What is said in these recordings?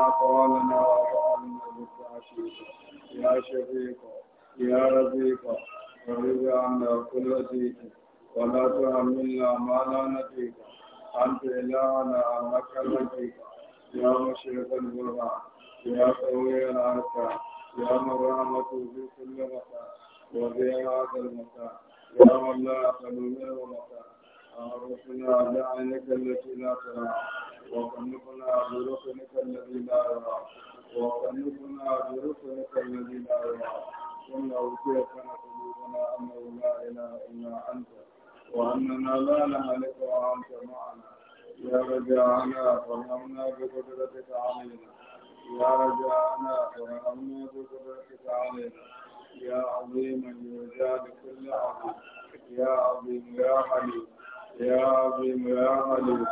أقوالنا وأفعالنا بالتعشيق يا شفيق يا رفيق فرج عنا كل ضيق ولا تحملنا ما لا نطيق أنت إلهنا أنك الرفيق يا مشرق البرهان يا قوي الأركان يا من رحمته في كل مكان وفي هذا المكان يا من لا خلو منه مكان أعرفنا بعينك التي لا ترى وخلقنا برسلك الذي لا يرى وخلقنا برسلك الذي لا يرى ثم أوتيتنا قلوبنا أنه لا إله إلا أنت وأننا لا نهلك وأنت معنا يا رجعنا فرحمنا بقدرتك علينا يا رجعنا فرحمنا بقدرتك علينا يا عظيم الوجاد كل عظيم يا عظيم يا حليم يا عظيم يا علي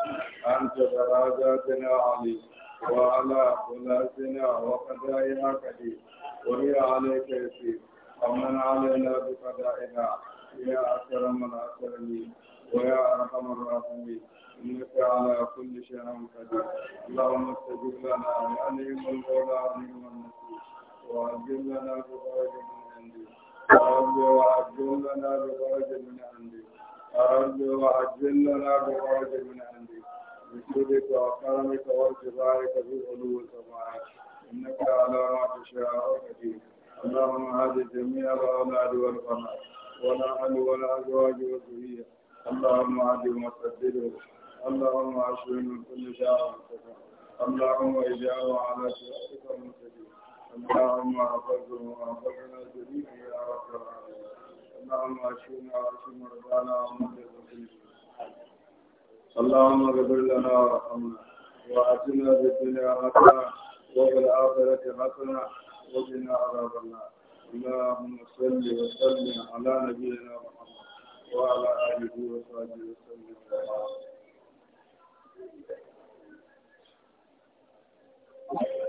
أنت درجاتنا علي وعلى خلاصنا وقضائنا قدير وهي عليك يسير ومن علينا بقضائنا يا أكرم الأكرمين ويا أرحم الراحمين إنك على كل شيء قدير اللهم استجب لنا وأنعم المولى ونعم النصير وأجل لنا بفرج من عندك وأجل لنا بفرج من عندك رب وأجلنا بفرج من عندي بسرك وكرمك وارتفاعك في علو سمائك إنك على ما تشاء قدير اللهم هذه جميع الأولاد والبنات ولا أهل ولا أزواج والذرية اللهم أهدهم وسددهم اللهم أشفهم من كل داء اللهم اجعله على صراطك المستقيم اللهم احفظه واحفظنا جميعا يا رب العالمين اللهم اشفنا واشف مرضانا ومرضى اللهم اغفر لنا وارحمنا واتنا في الدنيا حسنه وفي الاخره حسنه وقنا عذاب النار اللهم صل وسلم على نبينا محمد وعلى اله وصحبه وسلم Thank you.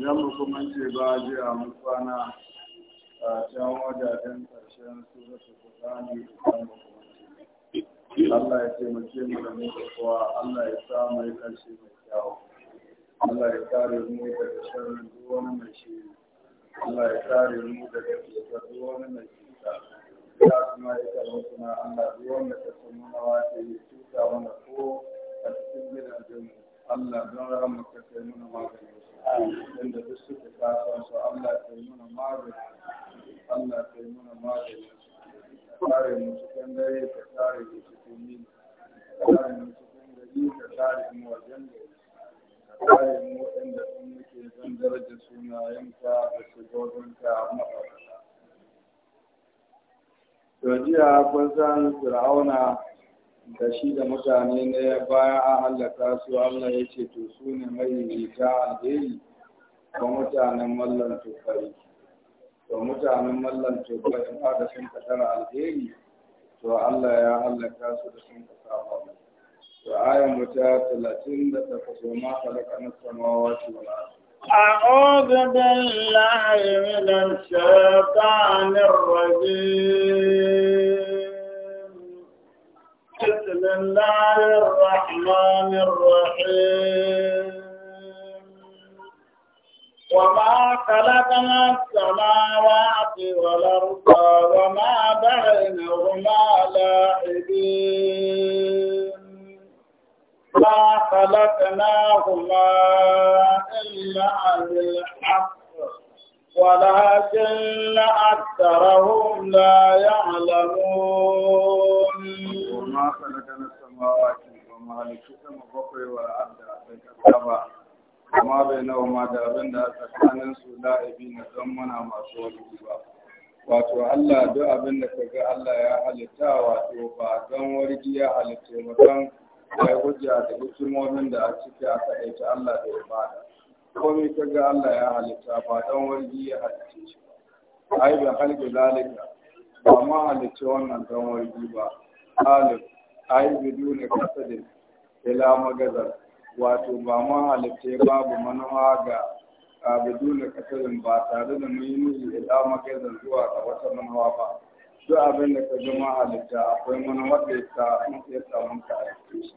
idan ce ba ji a mutuwana a can wajajen ƙarshen suratu a idan mukumanci Allah ya mace mu da mu kuwa Allah ya sa mai ƙarshe mai kyau, Allah ya kare mu daga sharrin duk wani mai shiri Allah ya kare mu daga cutar duk wani mai ta ya kuma ya karo suna Allah duk wanda ta samu nawa ta yi cuta mana ko a cikin gidan mu Allah don rahamaka kai mana maganin su inda duk suka kasuwan su Allah kai mana maganin Allah kai mana maganin su kare mu cikin dare ka kare mu cikin yini ka kare mu cikin gari ka kare mu wajen gari ka kare mu inda sun muke zan daraja sunayenka da shigobinka mafarka. jiya kun san Fir'auna da shi da mutane ne bayan an hallaka su Allah ya ce to su ne mai a alheri ga mutanen mallan tufari to mutanen mallan ba da sun kasara alheri to Allah ya hallaka su da sun kasara to ayan muta talatin da ta kaso ma halakanin samawati wal ardi أعوذ بالله من الشيطان الرجيم abin da a ciki a kaɗaita Allah da ibada komai ka ga Allah ya halitta ba dan wargi ya halitta shi ba ai da halbi zalika ba ma halitta wannan dan wargi ba alif ai bi ne kasadin ila magazar wato ba ma halitta babu manawa ga abidu na kasarin ba tare da mun yi nuni ila magazar zuwa ga wata manawa ba duk abin da ka zama halitta akwai manawa da ya samu ka aiki shi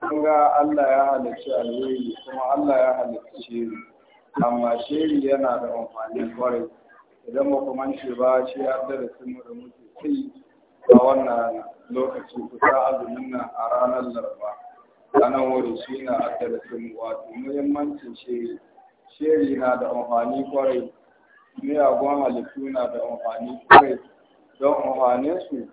kun Allah ya halicci alheri kuma Allah ya halicci shiri amma shiri yana da amfani kwarai idan ba kuma ce ba shi ya da sun da muke sai a wannan lokaci kusa azumin nan a ranar laraba ranar wuri shi na sun wato muhimmancin shiri shiri na da amfani kwarai miyagun halittu na da amfani kwarai don amfaninsu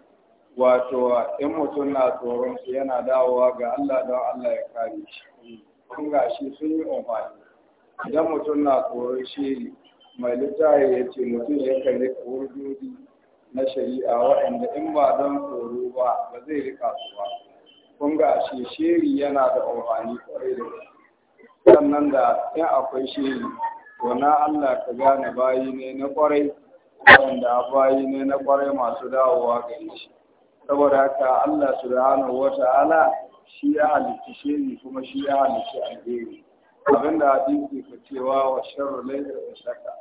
wato in mutum na tsoron su yana dawowa ga Allah don Allah ya kare shi kun ga shi sun yi umarni. idan mutum na tsoron shi mai littafi ya ce mutum ya kalli wurdodi na shari'a waɗanda in ba don tsoro ba ba zai rika su ba kun ga shi shiri yana da umarni kwarai da sannan da in akwai shiri to na Allah ka gane bayi ne na kwarai wanda bayi ne na kwarai masu dawowa ga shi saboda haka Allah subhanahu wata'ala shi ya halitta shiri kuma shi ya halitta alheri abinda hadisi ka cewa wa sharru laysa shaka.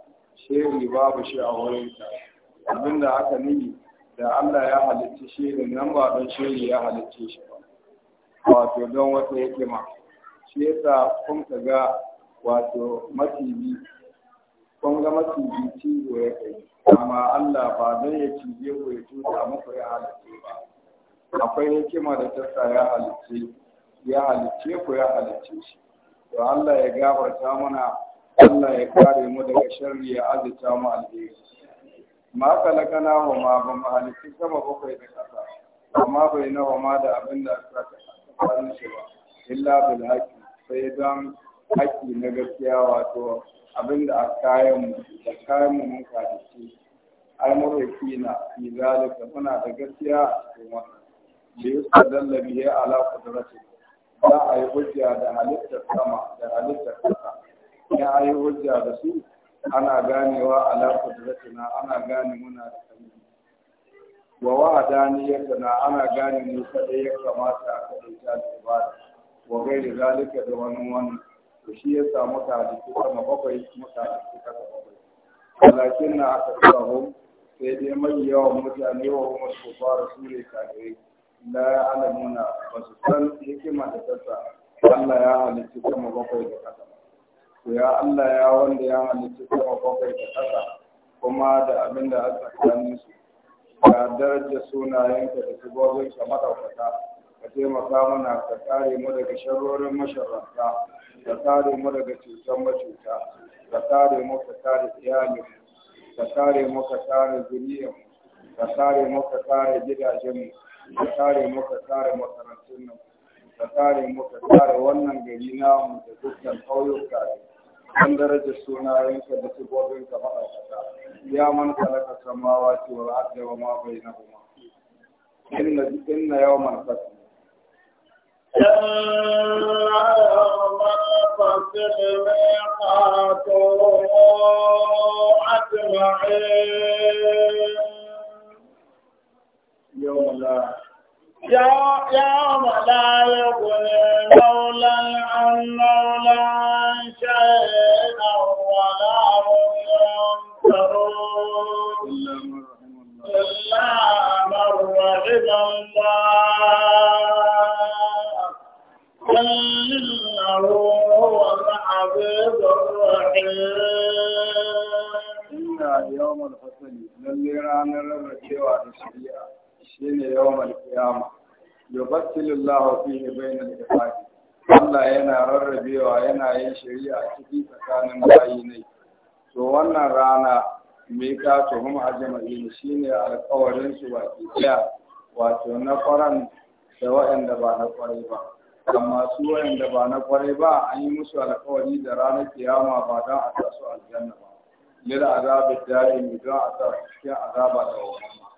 shiri babu shi a wurin ka abinda aka nuni da Allah ya halitta shiri nan ba don shiri ya halitta shi ba wato don wata ma shi yasa kun ka ga wato matibi kun ga matibi cizo ya kai amma Allah ba zai ya cije ku ya tuta muku ya halice ba akwai hikima da ta sa ya halice ya halice ku ya halice shi to Allah ya gafarta mana Allah ya kare mu daga sharri ya azita mu alheri ma na wa ma ba mu halice sama bakwai da kasa amma bai nawa ma da abin da aka kasa ba illa bil haqi sai dan haƙƙi na gaskiya wato abin da a kayan mu da kayan mu mun kadace almurraki na fi zalika muna da gaskiya a cikin wannan da ya sadalla biye ala kudratin za a yi hujja da halittar sama da halittar kasa ya a yi hujja da su ana ganewa ala kudratina ana gane muna da sani wa wa'adaniyar yadda na ana gane mu kadai ya kamata a kadaita da ibada wa gairi zalika da wani wani to shi ya sa muka halittu sama bakwai muka halittu kasa bakwai walakin na aka tsara hum sai dai mai yawan mutane wa kuma su fara su ne kafirai la alamuna ba su san hikima da sassa Allah ya halittu sama bakwai da kasa to ya Allah ya wanda ya halittu sama bakwai da kasa kuma da abin da aka tsakanin su ga darajar sunayenka da sabobin ka madaukaka ka taimaka mana ka kare mu daga sharorin masharanta ka kare mu daga cutar macuta ka kare mu ka kare iyalin ka kare mu ka kare zuriyar ka kare mu ka kare gidajen ka kare mu ka kare makarantun nan ka kare mu ka kare wannan gari namu da dukkan ƙauyuka kan daraja sunayenka da sibobinka ma'aikata ya man kalaka samawa mawa wal arda wa ma bainahuma na inna man fasi. إلا ما فصل ميقاته أجمعين يوم لا يوم لا يغني مولا عن مولا شيئا ولا هم ينصرون إلا من رحم الله إنه هو Lallai ranar إن da shari'a للي رانا ربكيوا الشريعة شين يوم Allah yana rarrabewa yana yin shari'a ciki tsakanin bayinai. To wannan rana mai ka a jama'i shine alkawarin su baki wato na faran da waɗanda ba na kwarai ba. amma su wayanda ba na kwarai ba an yi musu alkawari da ranar kiyama ba don a sa su aljanna ba lil azabi da'imi don a sa cikin azaba da wahala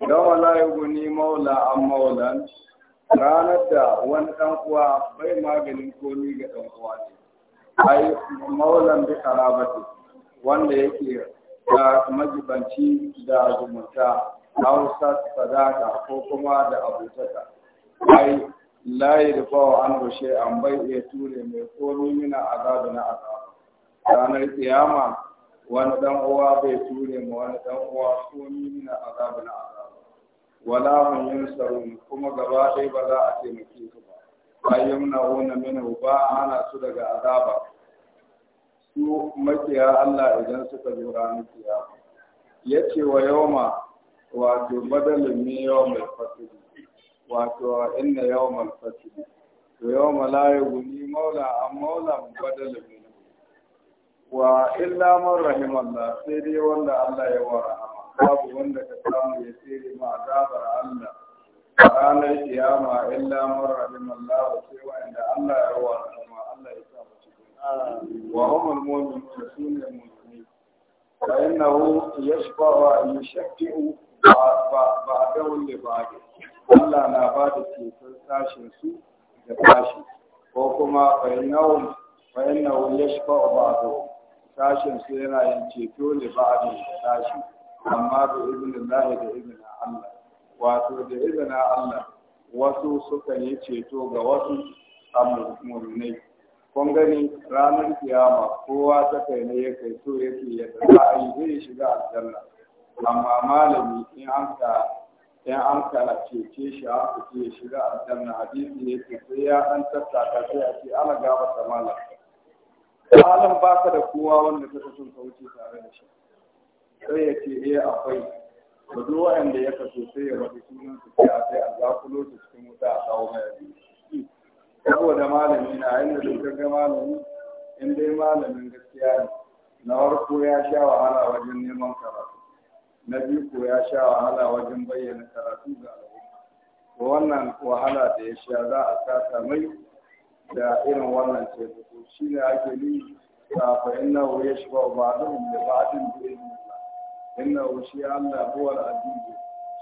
don wala yughni maula an maulan ranar da wani dan uwa bai maganin komi ga dan uwa ne ai maulan bi karabati wanda yake da majibanci da zumunta hausa sadaka ko kuma da abutaka la an anhu an bai iya ture mai komi mina azabi na azaba ranar kiyama wani dan uwa bai ture ma wani dan uwa komi mina azabi na azaba wala yin yunsarun kuma gaba ɗaya ba za a taimake su ba na na'una minhu ba ana su daga azaba su makiya Allah idan suka zo ranar Ya ce wa yawma wato badalin ne mai fasidi wato inna yawmal fati to yawma la yughni maula am maula badal min wa illa man rahimallah sai dai wanda Allah ya wara babu wanda ka samu ya tsere ma azabar Allah a ranar kiyama illa man rahimallah sai wanda Allah ya wara ma Allah ya samu cikin wa umul mu'minun sunne mu'mini fa innahu ba yushaffi'u ba'dahu li ba. Allah na ba da ceton sashen su da sashi ko kuma fa'innawun ya shi fa'a ba da sashen su yana yin ceto ne ba a da sashi amma da izinin lahi da izinin Allah wato da izinin Allah wasu suka yi ceto ga wasu amurmunai kun gani ranar kiyama kowa ta kai ne ya kai so yake yadda za a yi zai shiga aljanna amma malami in an ka in an karace ce shi a ku ce shiga aljanna hadisi ne ke sai ya an tattaka sai a ce ala gaba ta malam malam ba ka da kowa wanda ka kasu ka wuce tare da shi sai ya ce eh akwai ba duk wanda ya kaso sai ya wata sunan su sai a sai a zakulo su cikin wuta a kawo mai abinci saboda malami na inda duk ga malami in dai malamin gaskiya ne na farko ya sha wahala wajen neman karatu na biyu ko ya sha wahala wajen bayyana karatu ga al'umma to wannan wahala da ya sha za a saka mai da irin wannan taimako shi ne ake yi kafin na ya shi ba ba don da ba din da ya inna wa shi Allah huwa al-aziz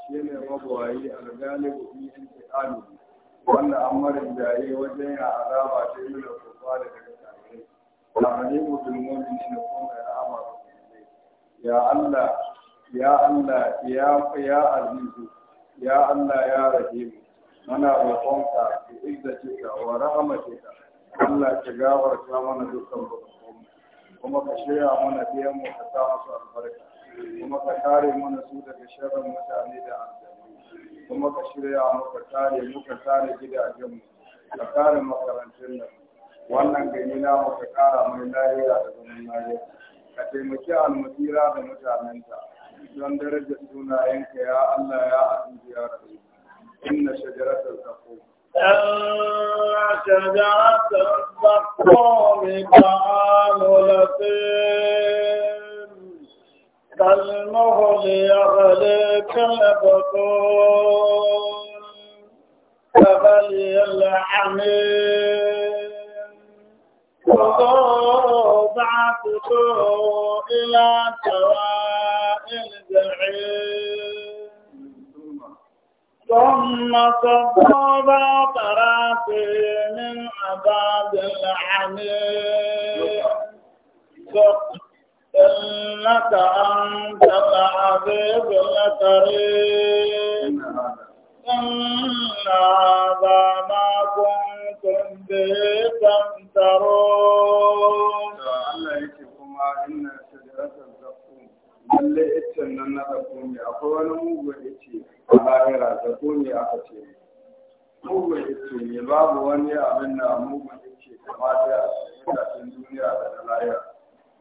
shi ne mabawai al-galibu fi intiqami wanda amarin da yayi wajen ya azaba ta yi da kufa da daga kafirai da alimu bil mu'minin ko ya ama ya Allah ya Allah ya ya ya Allah ya rahim muna roƙonka ki izzatika wa rahmatika Allah ki gafarta mana dukkan bukatunmu kuma ka shirya mana biyan mu ka sa musu albarka kuma ka kare mana su daga sharrin mutane da aljanu kuma ka shirya mu ka kare mu ka kare gidajenmu ka kare makarantun nan wannan gari mu ka kara mai lafiya da zaman ka taimaki almasira da mutanenta don daraja sunayenka ya Allah ya azuci ya rabu inna shajaratul zaqum شجرة الزقوم طعام لثيم كالمهل يغلي كالبطون كغلي الحميم وضوضعته إلى سواك ثم صبوا بعطراته من عذاب الحميم إنك أنت العزيز الكريم إن هذا ما كنتم به تمترون lalle iccen nan na zakumi akwai wani mugun ice a lahira zakumi aka ce mugun ice ne babu wani abin da mugun ice kama da a cikin tashin duniya da na lahira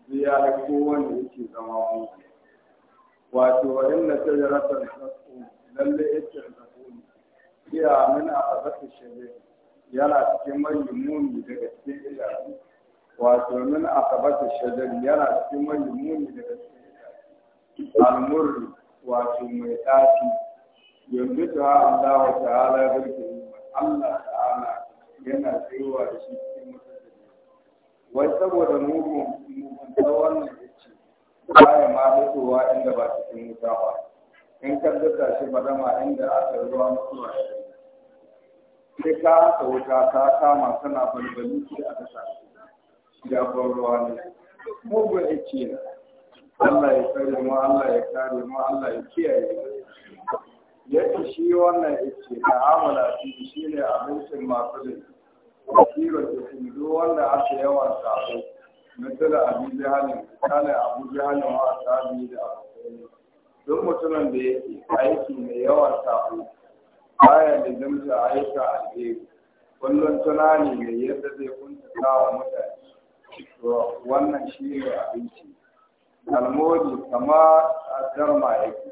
zai ya da kowane ice zama mugun wato wa inna shajaratar zakumi lalle iccen zakumi iya min a azaka shari'a yana cikin mai muni daga cikin idanu wato min a kabata shajari yana cikin mai muni daga cikin al-murri wato mai tsafi yanzu ta Allah wa ta'ala barke Allah ta'ala yana tsayowa da shi cikin mutunta wai saboda mugun mugun ta wannan yace ya ma fitowa inda ba cikin wuta ba in ka duka shi madama inda aka ruwa mutuwa ya sai ka haka wuta ta kama tana balbali ce a kasa Ya ban ruwa ne mugun yace na Allah ya kare mu Allah ya kare mu Allah ya kiyaye mu yake shi wannan yake da amala shi shine abincin masu da kasiro da hindu wanda aka yawan sabo misali abu jihalin kana abu jihalin wa sabi da abu duk mutumin da yake aiki mai yawan sabo baya da zamta aika alheri kullum tunani mai yadda zai kunta wa mutane to wannan shi ne abinci kalmodi kama darma yake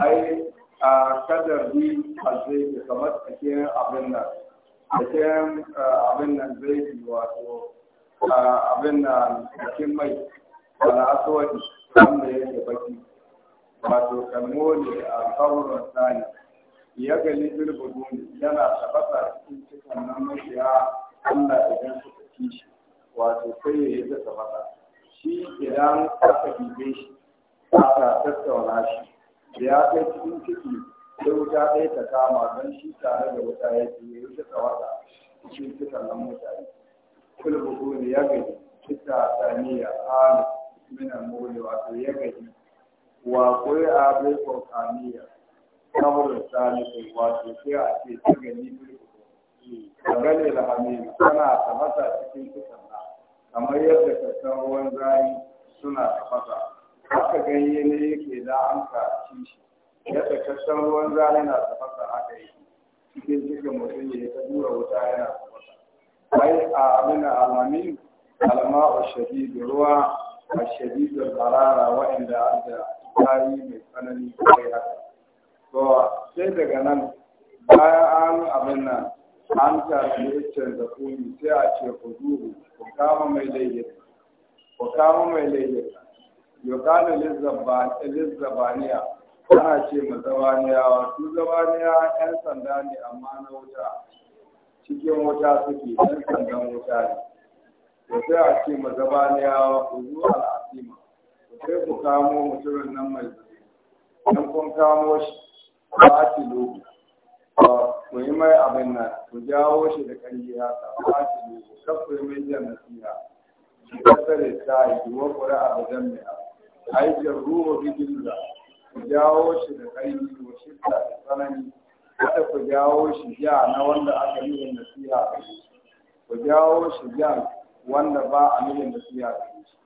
ai a kadar bi a zai kamar cikin abin nan cikin abin nan zai wato abin nan cikin mai wani aswadi wanda yake baki wato kalmodi a kawurin sani ya gali bilbudun yana tabbata cikin cikin nan mashiya Allah idan suka kishi wato sai ya yi ta tabbata shi idan aka dube shi aka tattauna shi da ya kai cikin ciki sai wuta ɗaya ta kama don shi tare da wuta ya ce ya yi ta tsawata cikin cikin nan mutane kulbuku ne ya gaji cita saniya alu mina mole wato ya gani wa kuri a bai kokaniya kawai sani wato sai a ce ta gani kulbuku a gane lahamin tana ta masa cikin cikin kamar yadda kakkaruwan zai suna tafasa haka ganye ne yake da an ci shi yadda ruwan zane na tafasa haka yake cikin cikin mutum ya ta dura wuta yana tafasa a abin alamin alma'u shadidu ruwa a shadidu harara wa'anda an da tari mai tsanani kai haka to sai daga nan bayan an abin nan an tafi iccen da kuni sai a ce ku duhu ku kama mai layyar ku kama mai layyar yokana lizabaniya ana ce ma zabaniyawa su zabaniya yan sanda ne amma na wuta cikin wuta suke yan sandan wuta ne sai a ce ma zabaniyawa ku zuwa al'asima sai ku kamo mutumin nan mai zai don kun kamo shi ba a lobi ku yi mai abin nan ku jawo shi da kariya ta kwace ne ku kafa mai jan nasiha shi kasar ta yi wa kura a bajan mai aikin ruwa bigin da ku jawo shi da kariya wa shi da tsanani kada ku jawo shi ya na wanda aka yi nasiha ku jawo shi ya wanda ba a nuna nasiha da shi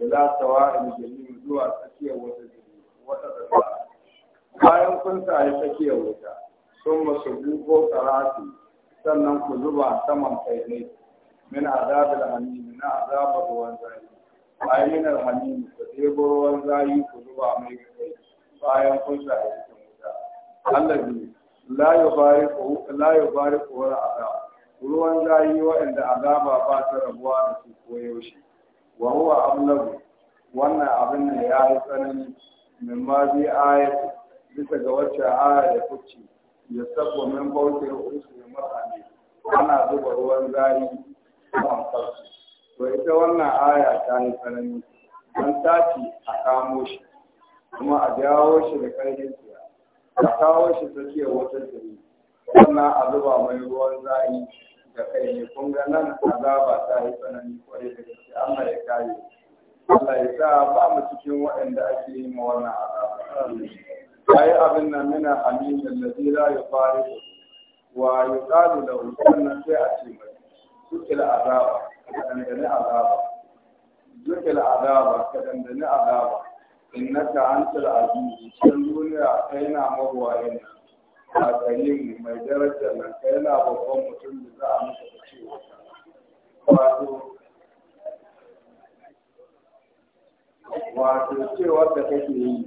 ila sawa'il jami'u zuwa tsakiyar wata jami'u wata tsakiyar bayan kun sa ya tsakiyar wuta sun masu gugo karatu sannan ku zuba saman kai ne min azabar hamimi na azabar ruwan zayi bayan min alhamimi ku ɗebo zayi ku zuba mai kai bayan kun sa a cikin wuta allazi la yubariku la yubariku wala ruwan zayi waɗanda azaba ba ta rabuwa da su koyaushe wa huwa ablagu wannan abin ne ya yi tsanani min ma bi ayat bisa ga wacce aya da kuci ya sabo min bautar usu ya marhami ana zuba ruwan zari kan farko to ita wannan aya ta yi tsanani an tace a kamo shi kuma a jawo shi da karfin tsiya a kawo shi tsakiyar wata tsiri sannan a zuba mai ruwan zari da kai ne kun ga nan azaba ta yi tsanani kwarai da gaske Allah ya kare Allah ya sa ba mu cikin waɗanda ake yi ma wannan azaba أي ويأذن من حميم الذي لا يطالبه ويقال له أن في أسيمة سكل عذابا كدندن عذابا سكل عذابا كدندن عذابا إنك أنت العزيز شنون أين هو أين أتيم ما درجة من أين أبو قوم تنزع وأنت تشير وأنت تشير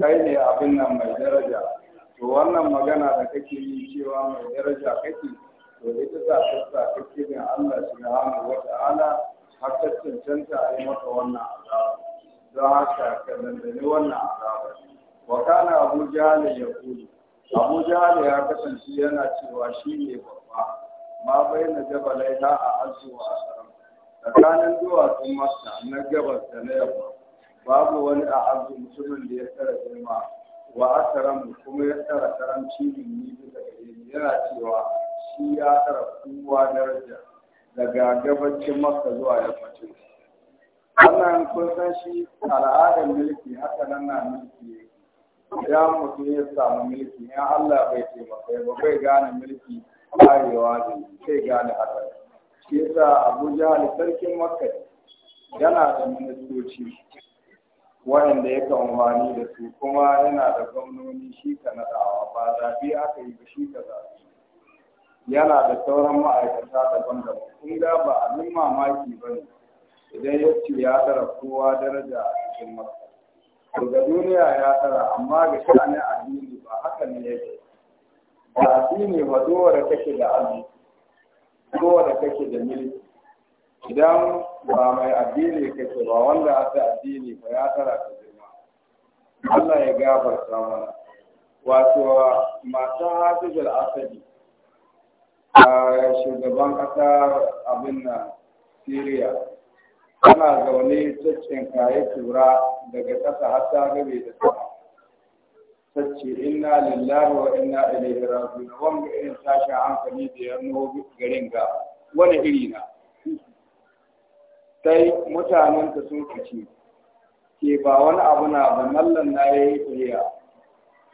kai ne abin nan mai daraja to wannan magana da kake yi cewa mai daraja kake to ita za ta sa kake ne Allah subhanahu wa ta'ala har ta cancanta a yi maka wannan azaba Za ka ka dandani wannan azaba wa kana Abu Jahl ya kudu Abu Jahl ya kasance yana cewa shi ne babba ma bai na jabalai ta a arzu a tsakanin duwatsun masa na gabas da na yamma babu wani a azu mutumin da ya tsara girma wa mu kuma ya tsara karamci minni bisa gare ni yana cewa shi ya tsara kowa daraja daga gabacin maka zuwa yammacin wannan kun san shi al'adar mulki haka nan na mulki ya mutum ya samu mulki ya Allah bai taimaka ba bai gane mulki arewa ne sai gane haka shi yasa Abuja Jahal sarkin Makka yana da ministoci waɗanda ya ka umarni da su kuma yana da gwamnoni shi ka naɗawa ba zaɓe aka yi ba shi ka zaɓe yana da sauran ma'aikata daban-daban kun ga ba abin mamaki ba ne idan ya ce ya tara kowa daraja a cikin masa daga duniya ya tara amma ga sha'anin addini ba haka ne yake ba addini ba dole kake da arziki dole kake da milki. idan ba mai addini kake ba wanda ta addini ba ya tara ta girma Allah ya gafarta mana wato mata hafizar asali a shugaban ƙasar abin na, Syria tana zaune caccin kayi tura daga ƙasa har ta gabe da sama tacce inna lillahi wa inna ilaihi raji'un wanda irin tashin hankali da ya garin ga wani iri na sai mutanen ta sun kace ke ba wani abu na ba mallan na yayi kuriya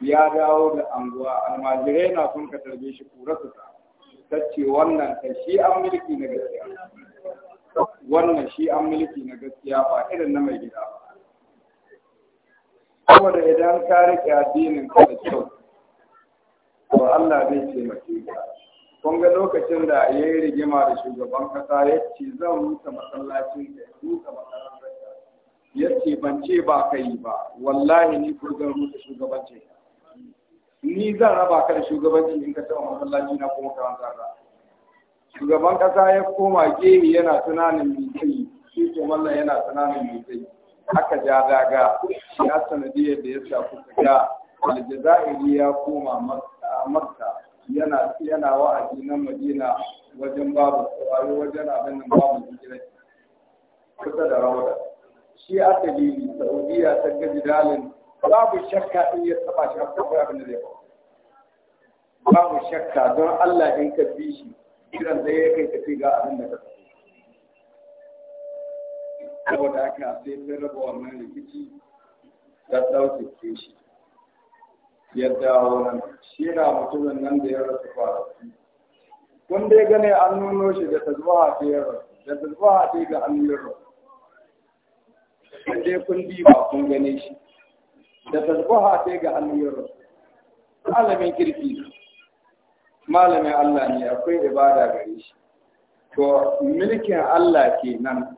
ya dawo da anguwa almajirai na sun ka tarbe shi kura su ta tace wannan kai shi an mulki na gaskiya wannan shi an mulki na gaskiya ba irin na mai gida ba saboda idan ka rike addinin ka da kyau to Allah zai taimake ka kun ga lokacin da ya yi rigima da shugaban kasa ya ce zan rusa masallacin ka ya rusa masallacin ya ce ban ce ba ka yi ba wallahi ni ko zan rusa shugabancin ni zan raba ka da shugabanci in ka taɓa masallaci na kuma karanta ka shugaban kasa ya koma Gehi yana tunanin mai zai shi ko mallan yana tunanin mai zai haka ja daga ya sanadiyar da ya sa kuka ga aljazairi ya koma makka yana yana wa'azi na Madina wajen babu tsawari wajen abin nan babu hijira kusa da rawada shi aka bi Saudiya ta ga jidalin babu shakka in ya taba shi ko abin da zai babu shakka don Allah in ka bi shi kiran da ya kai tafi ga abin da ka saboda haka sai sun raba wannan rikici da ɗauke shi yadda dawo shi na mutumin nan da ya rasu su kun dai gane an nuno shi da tazuwa ta ya rasu da tazuwa ta ga an yi rasu kun dai kun kun gane shi da tazuwa ta ga an yi rasu malamin kirki malamin Allah ne akwai ibada gare shi to milkin Allah ke nan,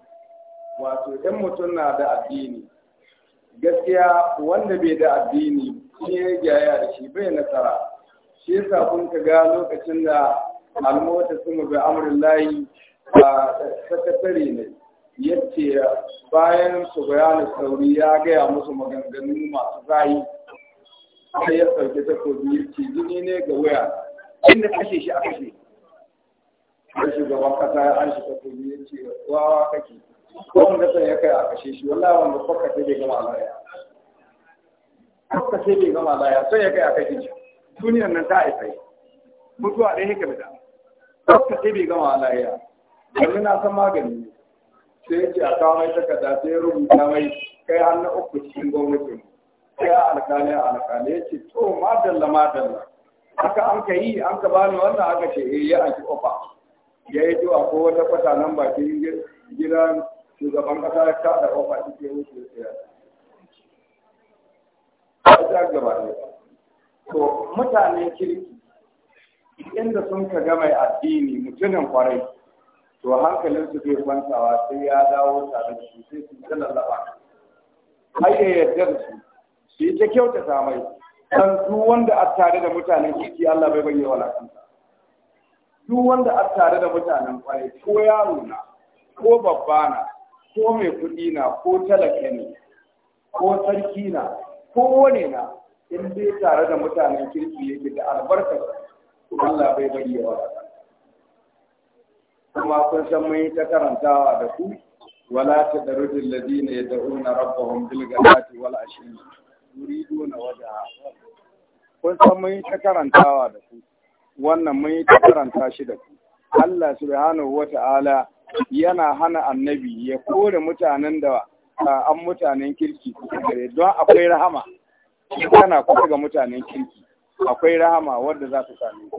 wato ɗan mutum na da addini gaskiya wanda bai da addini shi ya gyaya da shi bai nasara shi yasa kun ka ga lokacin da almota sun bi amrin layi a sakatare ne yace bayan su bayanin sauri ya gaya musu maganganu masu zayi. sai ya sauke takobi ya ce jini ne ga waya inda kashe shi a kashe da shugaban kasa ya an shi takobi ya ce wawa kake ko wanda sai ya kai a kashe shi wallahi wanda kwakwace bai gama alaya lokaci bai gama laya sai ya kai a kai shi duniyar nan ta aifai mutuwa ɗaya haka da lokaci bai gama laya wani na san magani sai ya ce a kawo mai takarda sai ya rubuta mai kai har na uku cikin gwamnatin sai a alƙali a alƙali ya ce to madalla madalla haka an ka yi an ka bani wannan aka ce eh ya aji ofa ya yi zuwa ko wata kwata nan bakin gidan shugaban ƙasa ya kaɗa ofa cikin wuce tsaya ba gaba ne to mutanen kirki inda sun ka gama addini mutumin kwarai to hankalinsu bai kwantawa sai ya dawo tare da su sai su ta lallaba ai ya yarda da su su yi ta kyautata mai dan duk wanda a tare da mutanen kirki Allah bai bayyana walakanta duk wanda a tare da mutanen kwarai ko yaro na ko babba na ko mai kuɗi na ko talaka ne ko sarki na kowane na in zai tare da mutanen kirki yake da albarkar Allah bai bari ya kuma kun san mun yi ta karantawa da ku wala ta darudin ladina ya da'una rabbahum bil gadati wal ashi yuriduna wajha kun san mun yi ta karantawa da ku wannan mun yi ta karanta shi da ku Allah subhanahu wata'ala yana hana annabi ya kore mutanen da an mutanen kirki don akwai rahama kana kusa ga mutanen kirki akwai rahama wadda za ta same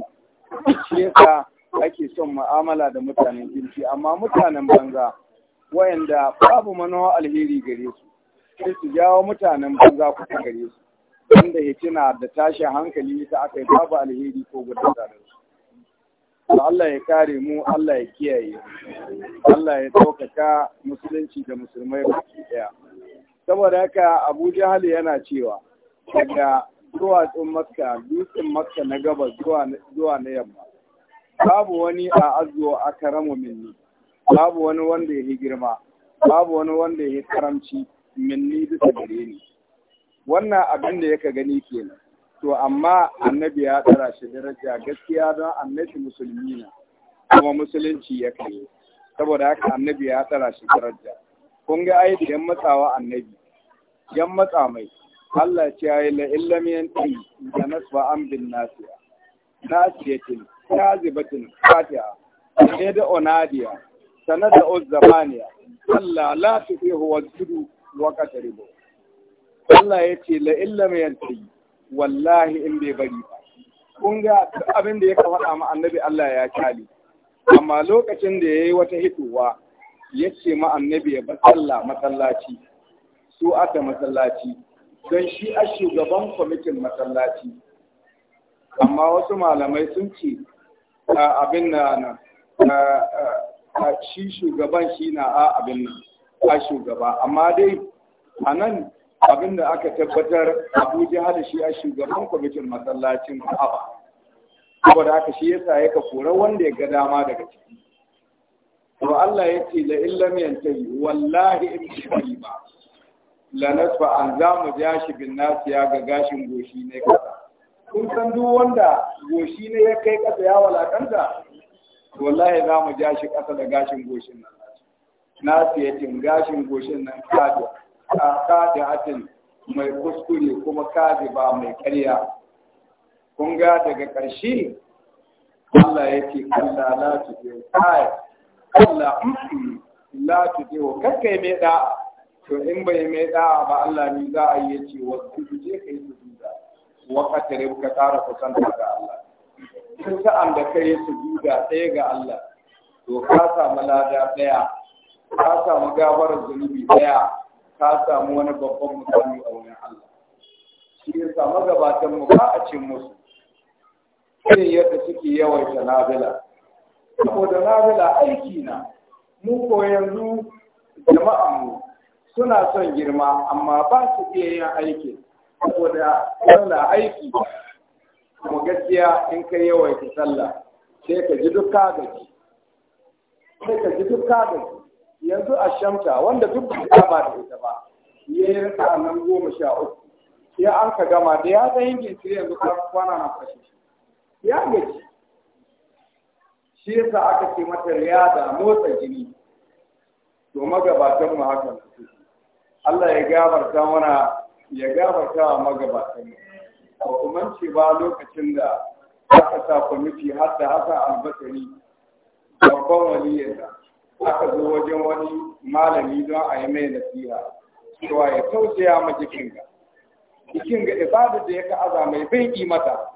shi yasa ake son ma'amala da mutanen kirki amma mutanen banza wayanda babu manawa alheri gare su sai su jawo mutanen banza kusa gare su wanda hitina da tashin hankali ta aka yi babu alheri ko gudanar da Allah ya kare mu Allah ya kiyaye Allah ya ɗaukaka musulunci da musulmai baki ɗaya saboda haka Abu Jahal yana cewa daga duwatsun Makka dutsen Makka na gabas zuwa na yamma babu wani a azuwa a karamu minni babu wani wanda ya yi girma babu wani wanda ya yi karamci minni bisa gare ni wannan abin da yaka gani kenan to amma annabi ya tsara shi daraja gaskiya don annabi musulmi na kuma musulunci ya kai saboda haka annabi ya tsara shi daraja kun ga ai da yan matsawa annabi yan matsa mai Allah ce ya yi la illam yanti da nasba an bin nasiya nasiyatin kazibatin fatiha ne da onadiya sanar da uzzamaniya Allah la tufihu huwa tudu wa qataribu Allah ya ce la illam yanti wallahi in bai bari ba kun ga abin da ya faɗa ma annabi Allah ya kyale amma lokacin da yayi wata hitowa ya ce ma annabi ya bar sallah masallaci su da masallaci don shi a shugaban kwamitin masallaci amma wasu malamai sun ce abin na shi shugaban shi na a abin na a shugaba amma dai a nan abinda aka tabbatar abu jihar shi a shugaban kwamitin masallacin Kuma saboda aka shi yasa ya ka kora wanda ya ga dama daga ciki to Allah ya ce la illam yantahi wallahi in bi ba la nasfa an za mu ja shi bin ya ga gashin goshi ne kasa kun san duk wanda goshi ne ya kai kasa ya walakanta wallahi za mu ja shi kasa da gashin goshin nan ce gashin goshin nan kajo kadi'atin mai kuskure kuma ba mai karya kun ga daga ƙarshe Allah yake kalla la tudiyo kai kalla la tudiyo kakkai mai da'a to in bai mai da'a ba Allah ni za a yi ce wa kudu je kai sujuda wa katare ka ƙara kusanta ga Allah sun sa'an da kai sujuda ɗaya ga Allah to ka samu lada ɗaya ka samu gabar zunubi ɗaya ka samu wani babban mutane a wurin Allah shi ya samu gabatan mu ba a cin musu irin yadda suke yawaita nabila saboda nabila aiki na mu ko yanzu jama'an mu suna son girma amma ba su iya yin aiki saboda sallah aiki kuma gaskiya in ka yawaita sallah sai ka ji duk kagaji sai ka ji duk kagaji yanzu a shamta wanda duk ba ba da ita ba ya yi a nan goma sha uku ya an ka gama da ya san yin jinkiri yanzu kwana na shi, ya gaji shi yasa aka ce mata da motsa jini to magabatan mu haka Allah ya gafarta mana ya gabarta wa magabatan mu ba kuma ba lokacin da aka sa kwamiti har da haka albasari babban waliyarsa aka zo wajen wani malami don a yi mai nasiha to ya tausaya ma jikinka ga ibada da ya ka mai bai kimata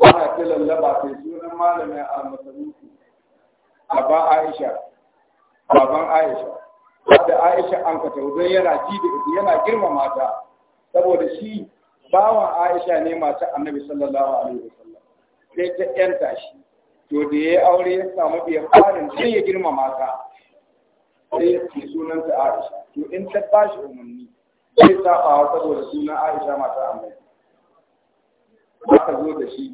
mata ana ta lallaba sai sunan malamin almasarufi a ba aisha baban aisha da aisha an ka taudon yana ji da ita yana girma mata, saboda shi bawan aisha ne masu annabi sallallahu alaihi wasallam sai ta yanta shi to da ya aure ya samu biyan farin sai ya girmama mata sai ya ce sunanta Aisha to in ta bashi umarni umarni zai saba saboda sunan Aisha mata amai aka zo da shi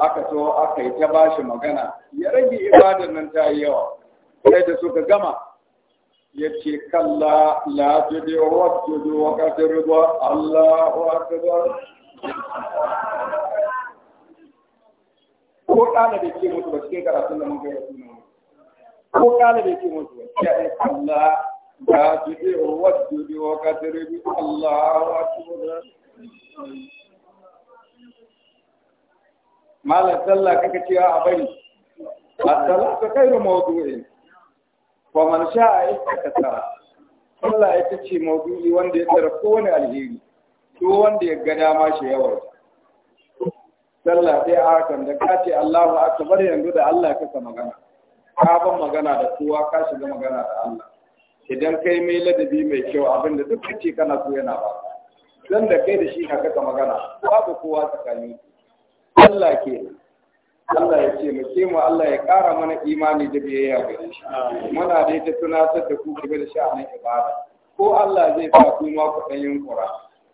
aka so aka yi ta bashi magana ya rage ibadar nan ta yi yawa sai da suka gama ya ce kalla la tudi wa tudi wa qadir Allah wa akbar ko kala bai ce musu ba cikin karatun da mun kai da sunan ko kala bai ce musu ba ya ai Allah ya jide wa jide wa kadiri bi Allah wa tuba malam sallah kaka cewa a bari as-salatu khairu mawdu'in wa man sha'a istakthara sallah ita ce mawdu'i wanda ya tsara kowane alheri Ko wanda ya ga dama shi yawa. sallah sai a hakan da ka ce Allahu akbar yanzu da Allah kasa magana ka ban magana da kowa ka shiga magana da Allah idan kai mai ladabi mai kyau abinda duk kace kana so yana ba dan da kai da shi ka kasa magana babu kowa tsakani Allah ke Allah ya ce mu ke mu Allah ya ƙara mana imani da biyayya ga shi muna da ita tunatar da ku game da sha'anin ibada ko Allah zai sa ku ma ku ɗan yunkura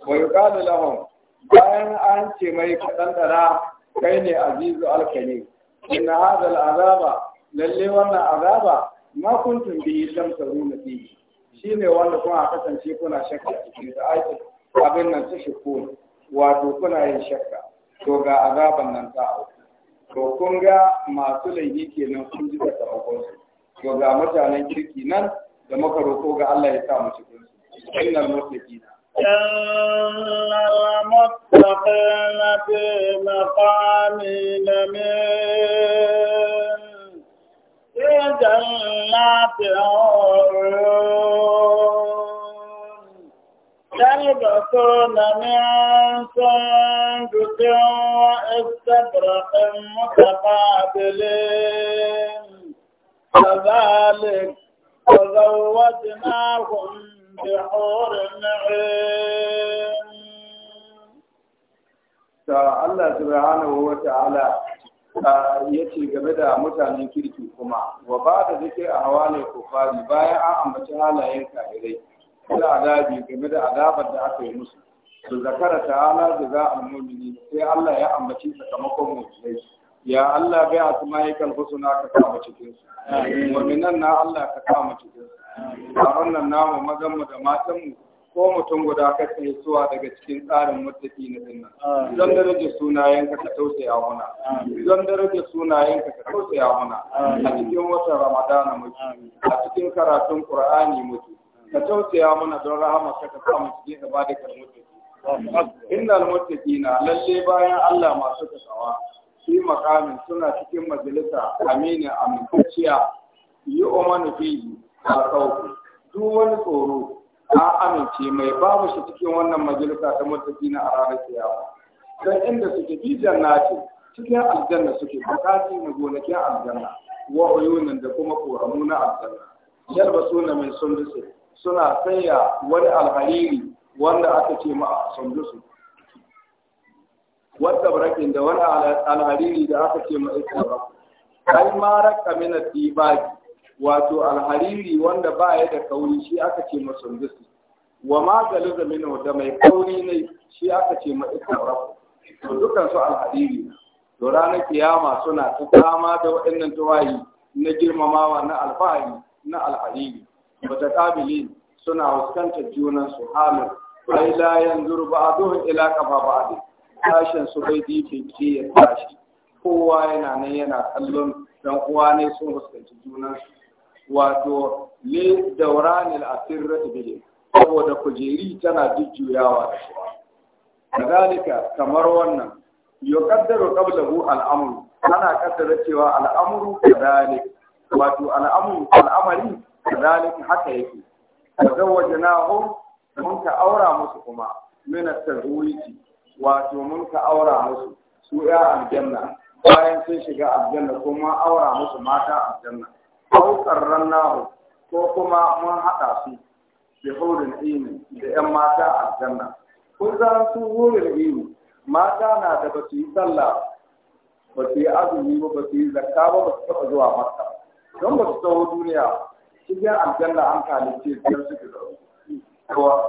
wa yuqalu lahum bayan an ce mai kaɗanɗara kai ne azizu alkani inna hadha al'azaba lalle wannan azaba ma kuntum bihi tamtaruna Shi shine wanda kuma kasance kuna shakka cikin da ai abin nan ta shakku wato kuna yin shakka to ga azaban nan ta to kun ga masu laifi kenan kun ji da tabakon su to ga mutanen kirki nan da makaroko ga Allah ya sa mu cikin su innal muttaqina إن المتقين في مقام نمين في جنات تلبسون من سندس واستبرق متقابلين كذلك وزوجناهم بحور عين الله سبحانه وتعالى ya ce game da mutanen kirki kuma wa ba da zake a hawa ne hawalai fari bayan an ambaci halayen kairai da adabi game da adabar da aka yi musu su zakara ta'ala da za a ne, sai Allah ya ambaci sakamakon mutunai ya Allah bai a su ma'aikal husuna ka kama cikinsu wa minan na Allah ka kama cikinsu taron nan namu maganmu da matanmu, ko mutum guda ka sai suwa daga cikin tsarin mutaki na dinnan don daraja sunayen ka ka tausaya muna don daraja sunayen ka ka tausaya muna a cikin watan ramadana muke a cikin karatun qur'ani muke ka tausaya mana don rahama ka ka samu cikin ibadakar mutaki innal muttaqina lalle bayan Allah masu kasawa, shi makamin suna cikin majalisa amina amintacciya yi umanu fihi a kawo duk wani tsoro an amince mai babu shi cikin wannan majalisa ta mutaki na a ranar kiyama dan inda suke bi jannati cikin aljanna suke bukati na gonakin aljanna wa uyunan da kuma koramu na aljanna suna mai sundusi suna sanya wani alhariri wanda aka ce ma sundusu wadda barakin da wani alhariri da aka ce ma ikrabu kai ma raka min dibaki wato alhariri wanda ba ya da kauri shi aka ce masundisi wa ma galiza minhu da mai kauri ne shi aka ce ma to dukan su alhariri to ranar kiyama suna ta da waɗannan tawayi na girmamawa na alfahari na alhariri kabili suna fuskantar junan su halin ai la yanzuru ba'duhum ila qafa ba'd tashin su bai dike ke ya tashi kowa yana nan yana kallon dan uwa ne sun fuskanci junan wato li dawranil asirra bihi saboda kujeri tana jujjuyawa da shi kadalika kamar wannan yuqaddaru qablahu al-amru kana kaddara cewa al-amru kadalik wato al-amru al-amri kadalik haka yake tazawwajnahum mun ka aura musu kuma min at-tazwiji wato mun ka aura musu su ya aljanna bayan sun shiga aljanna kuma aura musu mata aljanna ko karran nahu ko kuma mun haɗa su da hurin ilmi da ‘yan mata a janna. Kun zan su hurin ilmi, mata na da ba su yi sallah ba su yi azumi ba ba su yi zakka ba ba su taɓa zuwa makka. Don ba su taho duniya, cikin aljanna an kalice biyar suke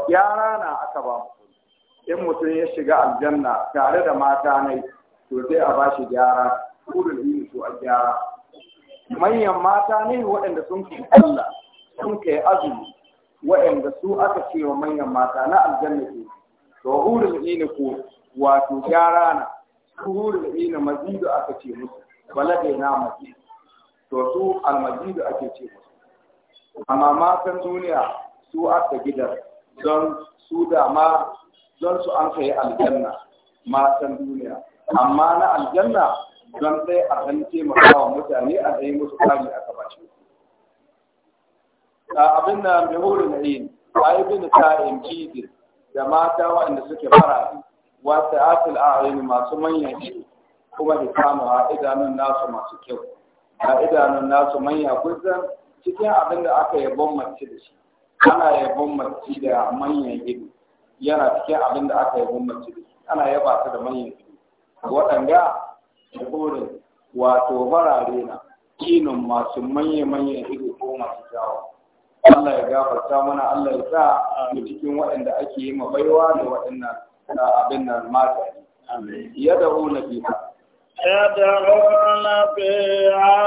na aka ba mu. In mutum ya shiga aljanna tare da mata ne, to sai a ba shi gyara, hurin ilmi to a gyara. manyan mata ne waɗanda sun kai Allah sun kai azumi waɗanda su aka ce wa manyan mata na aljanna ke to hurul ina ko wato gyara na hurul ina mazidu aka ce musu balade na mazidu to su almazidu ake ce musu amma matan duniya su aka gidan don su dama don su an kai aljanna matan duniya amma na aljanna don sai a san taimakawa mutane a yi musu kari aka bashi a abin da mai hori na yin a yi bin sa'in jidin da mata waɗanda suke fara wata asil a ayyana masu manyan shi kuma a idanun nasu masu kyau a idanun nasu manya kusan cikin abin da aka yabon mace da shi ana yabon mace da manyan ido yana cikin abin da aka yabon mace da shi ana yaba ta da manyan ido waɗanda hurin wato farare na kinin masu manya-manyan ido ko masu jawo Allah ya gafarta mana Allah ya sa mu cikin waɗanda ake yi baiwa da waɗannan abin nan mata ya da'u na biha يدعون فيها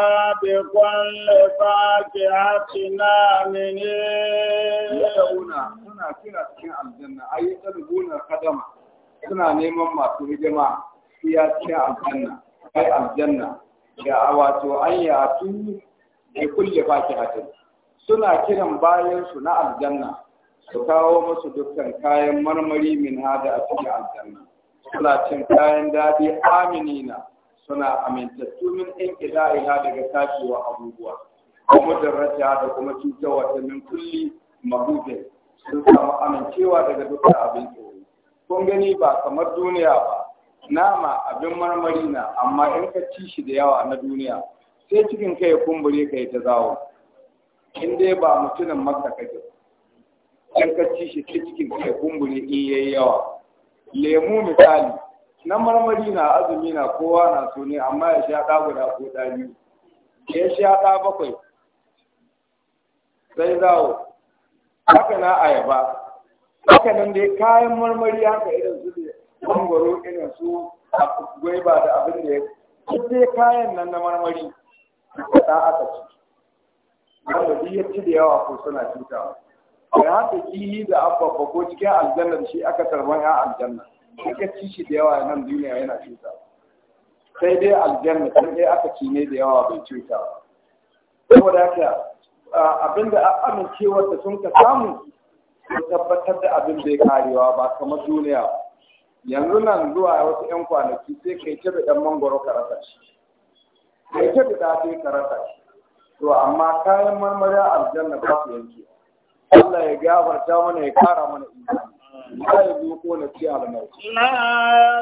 بكل فاكهة آمنين يدعون هنا كنا في الجنة ya da القدم suna neman masu hijima fiya cikin aljanna ai aljanna ga wato an yi atu da kulle suna kiran bayan su na aljanna su kawo musu dukkan kayan marmari min hada a cikin aljanna suna cin kayan daɗi aminina suna amintattu min in ila daga tashiwa abubuwa kuma darrata da kuma cutarwa ta min kulli mahudin sun samu amincewa daga dukkan abin tsoro gani ba kamar duniya ba nama abin marmari na amma in ka ci shi da yawa na duniya sai cikin kai ya kumbure ka yi ta zawo in dai ba mutumin maka kake in ka ci shi sai cikin kai ya kumbure in yayi yawa lemu misali na marmari na azumi na kowa na so ne amma ya sha ɗa guda ko ɗa biyu ya sha ɗa bakwai sai zawo haka na ayaba haka nan dai kayan marmari haka irin su mangoro irin su gwaiba da abin da ya duk dai kayan nan na marmari da ɗan aka ci wanda duk ya ci da yawa ko suna cutawa da haka kihi da abubuwa ko cikin aljanna shi aka tarban ya aljanna aka ci shi da yawa nan duniya yana cutawa sai dai aljanna sai dai aka ci ne da yawa bai cutawa saboda haka abinda amincewar da sun ka samu sun tabbatar da abin da ya karewa ba kamar duniya yanzu nan zuwa wasu 'yan kwanaki sai kai ta da mangoro ka rasa shi kai ta da sai ka rasa shi to amma kayan marmara aljanna ba su yanke Allah ya gafarta mana ya kara mana imani لا يذوقون فيها الموت لا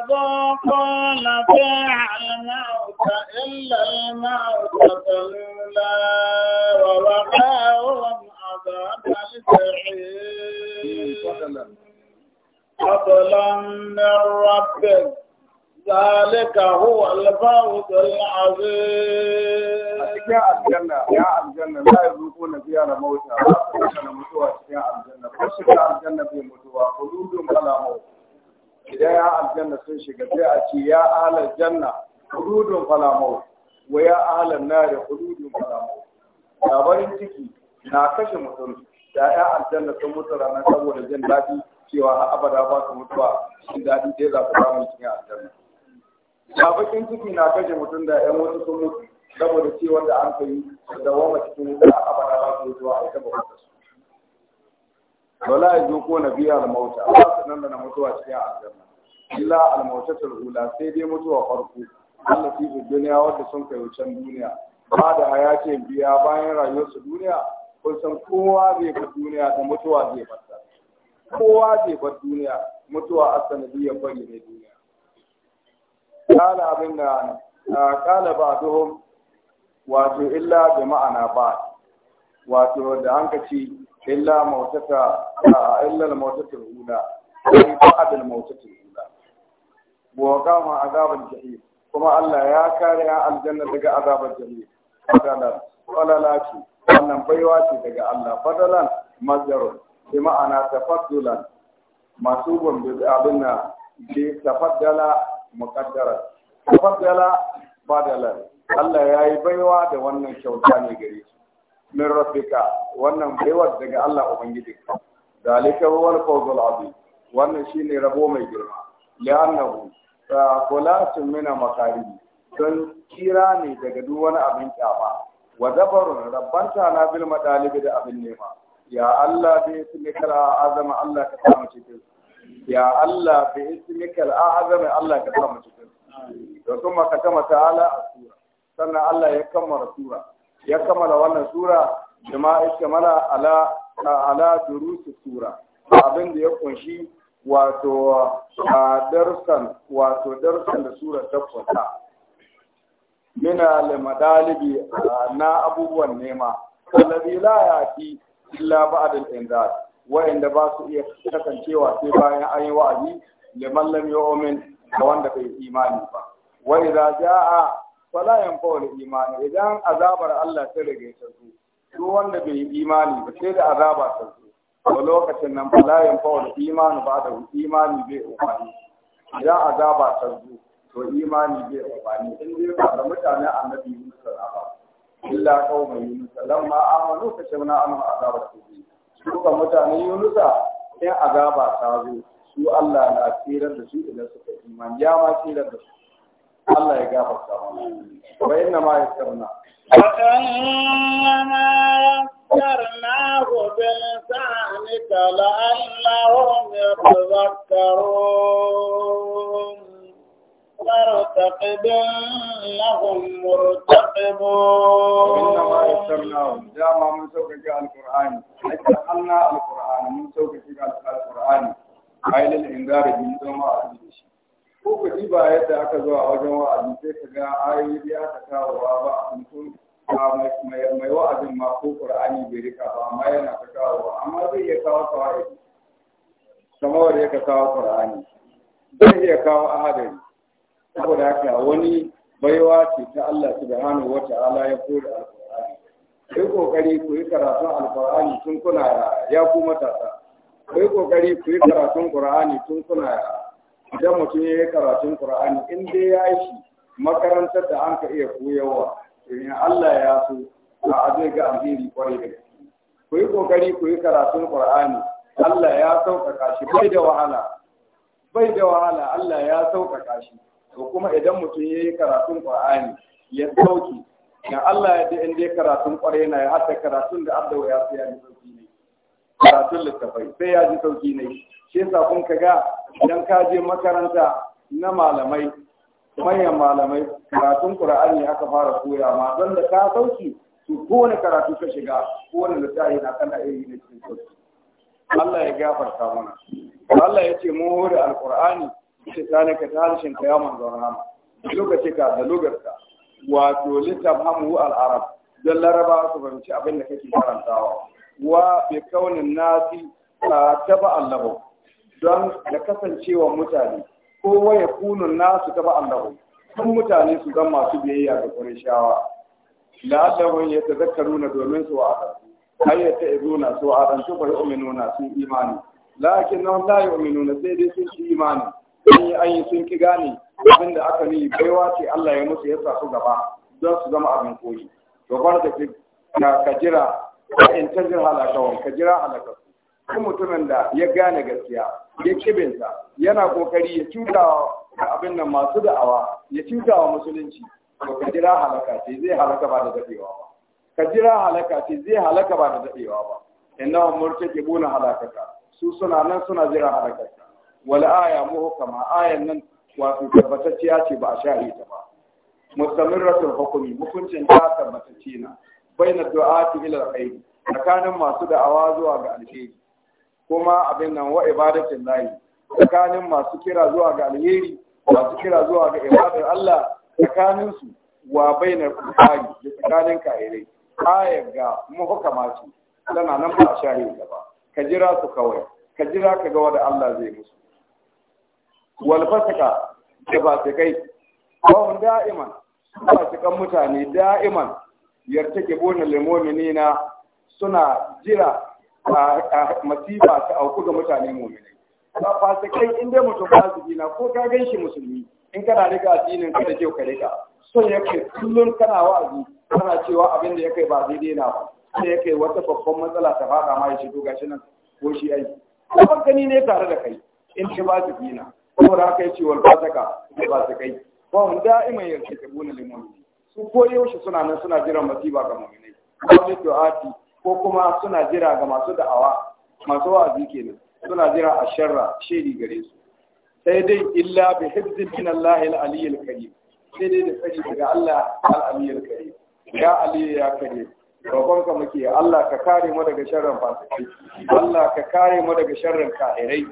يذوقون فيها الموت إلا الموت الأولى ووقاهم عذاب الجحيم Abalon men rugby, Salisu ta huwa da A cikin aljanna, ya aljanna za a yi a cikin aljanna. ya aljanna sun shiga zai janna ku bi don kwallamau. Mu na da ku bi don ciki na kashe mutum, da ya aljanna sun mutu ranar saboda jin lafiya. cewa har abada ba su mutuwa cikin daɗi ɗaya za su samu cikin aljanna ba bakin ciki na kashe mutum da 'yan wasu sun mutu saboda cewa da an kai da wama cikin wuta har abada ba su mutuwa a ita ba su Bala ya ko na biya al-mauta ba su nan da na mutuwa cikin aljanna illa al-mautatul ula sai dai mutuwa farko Allah fi duniya wanda sun kai wucen duniya ba da hayakin biya bayan rayuwarsu duniya kun san kowa zai ka duniya da mutuwa zai ba kowa bai bar duniya mutuwa a sanadiyar bari ne duniya kala abin da kala ba duhun wato illa da ma'ana ba wato da ci illa mautata a illar mautatar hula ai ba'adar mautatar hula Buwa kama azabar jahi kuma Allah ya kare ya aljanna daga azabar jahi. fadalan falala wannan baiwa ce daga Allah fadalan mazdarun bi ma'ana tafaddulan masu bi abin na bi tafaddala muqaddara tafaddala badala Allah ya yi baiwa da wannan kyauta ne gare shi min rabbika wannan baiwa daga Allah ubangiji dalika wal al-fawzul azim wannan shine rabo mai girma li'annahu kulatun ah, mina makarimi don kira ne daga duk wani abin kyafa wa dabarun rabbanta na bil madalibi da abin nema ya Allah bi ismika al-azama Allah ka samu cikin ya Allah bi ismika al-azama Allah ka samu cikin to kuma ka kama ta'ala a sura sannan Allah ya kammala sura ya kammala wannan sura jama'a kamala ala ala durusi sura abin da ya kunshi wato a darsan wato darsan da sura ta kwata mina limadalibi na abubuwan nema alladhi la yati illa ba'da al-inzar wa'anda ba su iya kasancewa sai bayan an yi wa'azi mallam ya omen da wanda bai imani ba wa idza jaa fala yanfa'u al imani idan azabar Allah ta rage ta zo wanda bai imani ba sai da azaba ta zo a lokacin nan fala yanfa'u al-iman ba da imani bai umani idan azaba ta zo to imani bai umani in dai ba da mutanen annabi Musa ba illa qauma yunus lamma amanu fa shamna anhu azaba tuzi su ka mutane yunusa in azaba ta zo su Allah na tsirar da su idan suka imani ya ma tsirar da su Allah ya gafarta mana wa inna ma yasarna وإنما يسرناه بلسانك لعلهم يتذكرون فارتقب إنهم مرتقبون إنما يسرناهم داما من سوقك القرآن حتى القرآن من سوقك القرآن أي للإنذار من دوما أبيش ko ka ba yadda aka zo a wajen wa'azi sai ka ga mai wa'azin ma ko qur'ani bai rika ba amma yana ta amma zai iya kawo kawai kamar da ya ka kawo qur'ani zai iya kawo ahadari saboda haka wani baiwa ce ta Allah subhanahu wata'ala ya kore alqur'ani kai kokari ku yi karatun Alƙur'ani tun kuna ya ku matasa kai kokari ku yi karatun qur'ani tun kuna idan mutum ya yi karatun qur'ani in dai ya yi shi makarantar da an ka iya koyarwa in Allah ya so a zai ga alheri kwarai da gaske ku yi kokari ku yi karatun qur'ani Allah ya sauƙaƙa shi bai da wahala bai da wahala Allah ya sauƙaƙa shi to kuma idan mutum ya yi karatun ƙwa'ani ya sauki ya Allah ya da inda ya karatun ƙwarai na ya hada karatun da Allah ya fi yaji ji sauki ne karatun littafai sai ya ji sauki ne shi yasa kun ka ga idan ka je makaranta na malamai manyan malamai karatun ne aka fara koya ma don da ka sauki to kowane karatu ka shiga kowane littafi na kana iri ne cikin sauki Allah ya gafarta mana Allah ya ce mu hore alƙur'ani ka ta harshen ka ya manzon lokaci ka da lugarka wato litafhamu al-arab Don laraba su fahimci abin da kake karantawa wa bi kaunin nasi taba allahu don da kasancewa mutane kowa ya kunun nasu taba allahu sun mutane su zan masu biyayya ga qurayshawa la'allahum yatazakkaruna domin su wa'ada ayyata izuna su wa'adan su bai uminuna su imani lakin la yu'minuna sai dai sun imani sun yi an yi sun ki gane abin da aka yi baiwa ce Allah ya musu ya sa su gaba don su zama abin koyi to bar da ka jira in ta jira halakawan ka jira halakawan duk mutumin da ya gane gaskiya ya kibinta yana kokari ya cuta abin nan masu da'awa ya cuta wa musulunci to ka jira halaka ce zai halaka ba da daɗewa ba ka jira halaka ce zai halaka ba da daɗewa ba murtaki buna halakaka su suna nan suna jira halakaka wala aya muhkama ayan nan wato tabbatacciya ce ba a shahi ta ba mustamirratul hukumi hukuncin ta tabbatacce na baina du'ati ila alkhair tsakanin masu da awa zuwa ga alheri kuma abin nan wa ibadatin lahi tsakanin masu kira zuwa ga alheri masu kira zuwa ga ibadar Allah tsakanin su wa bainar kufari da tsakanin kairai ayar ga muhukama ce tana nan ba a shahi ba ka jira su kawai ka jira ka ga wanda Allah zai musu wal ba da fasikai kawon da'iman kan mutane da'iman yarta ke bona na suna jira a masifa ta auku ga mutane mu'minai ba fasikai in dai mutum ba su gina ko ka ganshi musulmi in kana rika addinin kada da kyau ka riga. son ya kai kullum kana wa'azi kana cewa abin da ya kai ba zai daina ba sai ya kai wata babban matsala ta fada ma ya ce to nan ko shi ai ko gani ne tare da kai in ci ba su gina. saboda haka yi ciwon fasaka ba su kai ba mu da'iman yarki ta buna limon su ko yaushe suna nan suna jiran masiba ga mu'minai ba su to ati ko kuma suna jira ga masu da'awa masu wa'azi kenan suna jira a sharra shedi gare su sai dai illa bi hibzin min Allah al-aliyyil karim sai dai da tsari daga Allah al-aliyyil karim ya aliyya ya karim Rokonka muke Allah ka kare mu daga sharrin fasiki Allah ka kare mu daga sharrin kahirai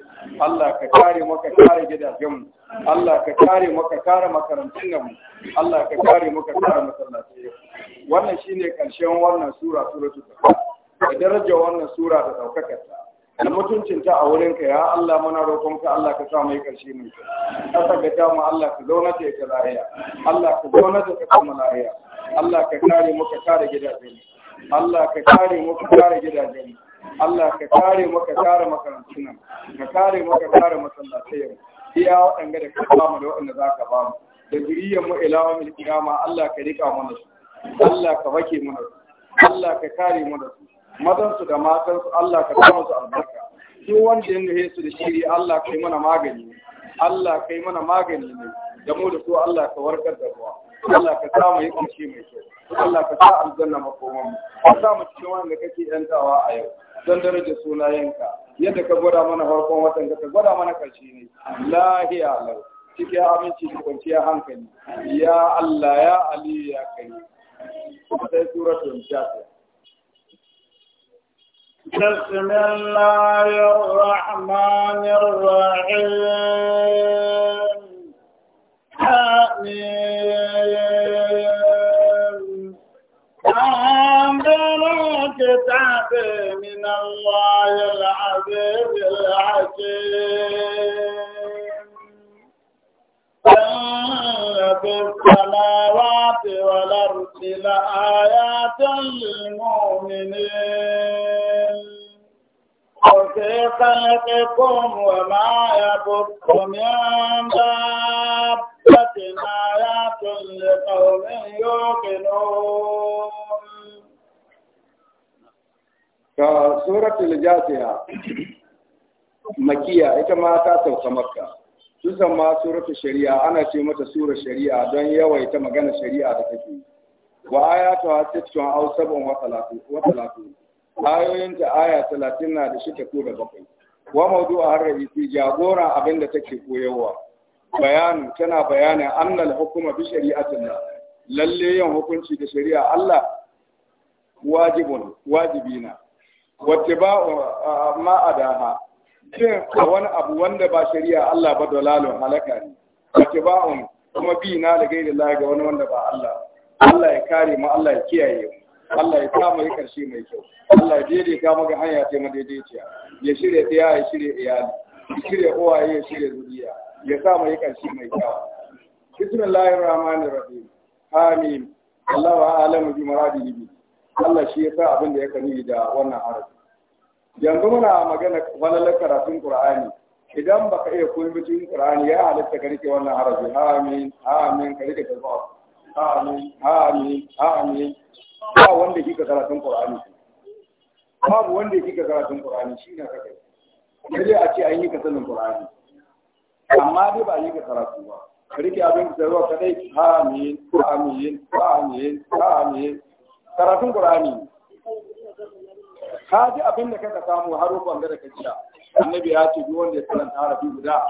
Allah ka kare mu ka kare gidajen mu Allah ka kare mu ka kare makarantun mu Allah ka kare mu ka kare masallacin wannan shine karshen wannan sura suratul baqara da daraja wannan sura da daukakar ta da mutuncinta a wurin ka, ya Allah muna ka Allah ka sa mai ƙarshe mai ƙasa ka ta mu Allah ka zauna ta ka lafiya Allah ka zauna ta ka lafiya Allah ka kare mu ka kare gidajen Allah ka kare mu ka kare gidajen Allah ka kare mu ka kare makarantuna ka kare mu ka kare masallatai iya waɗanda da ka mu da waɗanda za ka bamu da zuriyar mu ilawa mil kiyama Allah ka rika mana su Allah ka wake mana su Allah ka kare mana su madan su da matan su Allah ka kawo su albarka duk wanda ya nuhe su da shiri Allah kai mana magani Allah kai mana magani ne da mu da su Allah ka warkar da ruwa Allah ka sa mu yi kishi mai kyau Allah ka sa aljanna makoman mu ka sa mu cikin wanda kake yantawa a yau don daraja yanka. yadda ka gwada mana farkon watan ka gwada mana karshe ne lahiya lau cikin aminci da kwanciyar hankali ya Allah ya Ali ya kai sai suratul jasiya بسم الله الرحمن الرحيم حميم عندنا كتاب من الله العزيز الحكيم إن في السماوات والأرض لآيات للمؤمنين خلقكم وما من آيات لقوم يوقنون makiya ita ma ta sauka makka ma suratu shari'a ana ce mata surar shari'a don yawaita magana shari'a da take wa ayatu hasitun aw wa talatu wa talatu ayoyin ta aya 36 na da ko da bakwai wa a har fi jagora abin da take koyarwa bayanu tana bayanin annal hukuma bi shari'atin lalle yin hukunci da shari'a Allah wajibun wajibina wattiba'u ma adaha a wani abu wanda ba shari'a Allah ba dalalun halaka ne wattiba'un kuma bi na da gairi Allah ga wani wanda ba Allah Allah ya kare mu Allah ya kiyaye mu Allah ya kama yi karshe mai kyau Allah ya kama maka hanya ta madaidaiciya ya shirya ɗaya ya shirya iyali ya shirya uwaye ya shirya zuriya ya sa yi karshe mai kyau bismillahir rahmanir rahim amin Allah wa alamu bi maradihi Allah shi ya sa abin da ya kani da wannan harafi yanzu muna magana falalar karatun Qur'ani idan baka iya kulmucin Qur'ani ya halitta ka rike wannan harafi amin amin ka rike tasbih amin amin amin ba wanda kika karatun Qur'ani babu wanda kika karatun Qur'ani shi na kaka sai a ce an yi ka sanin Qur'ani amma dai ba yi ka karatu ba rike abin da ruwa kadai amin amin amin amin karatun Qur'ani ka ji abin da kaka samu har ruwan da kake jira. annabi ya ce duk wanda ya karanta harafi guda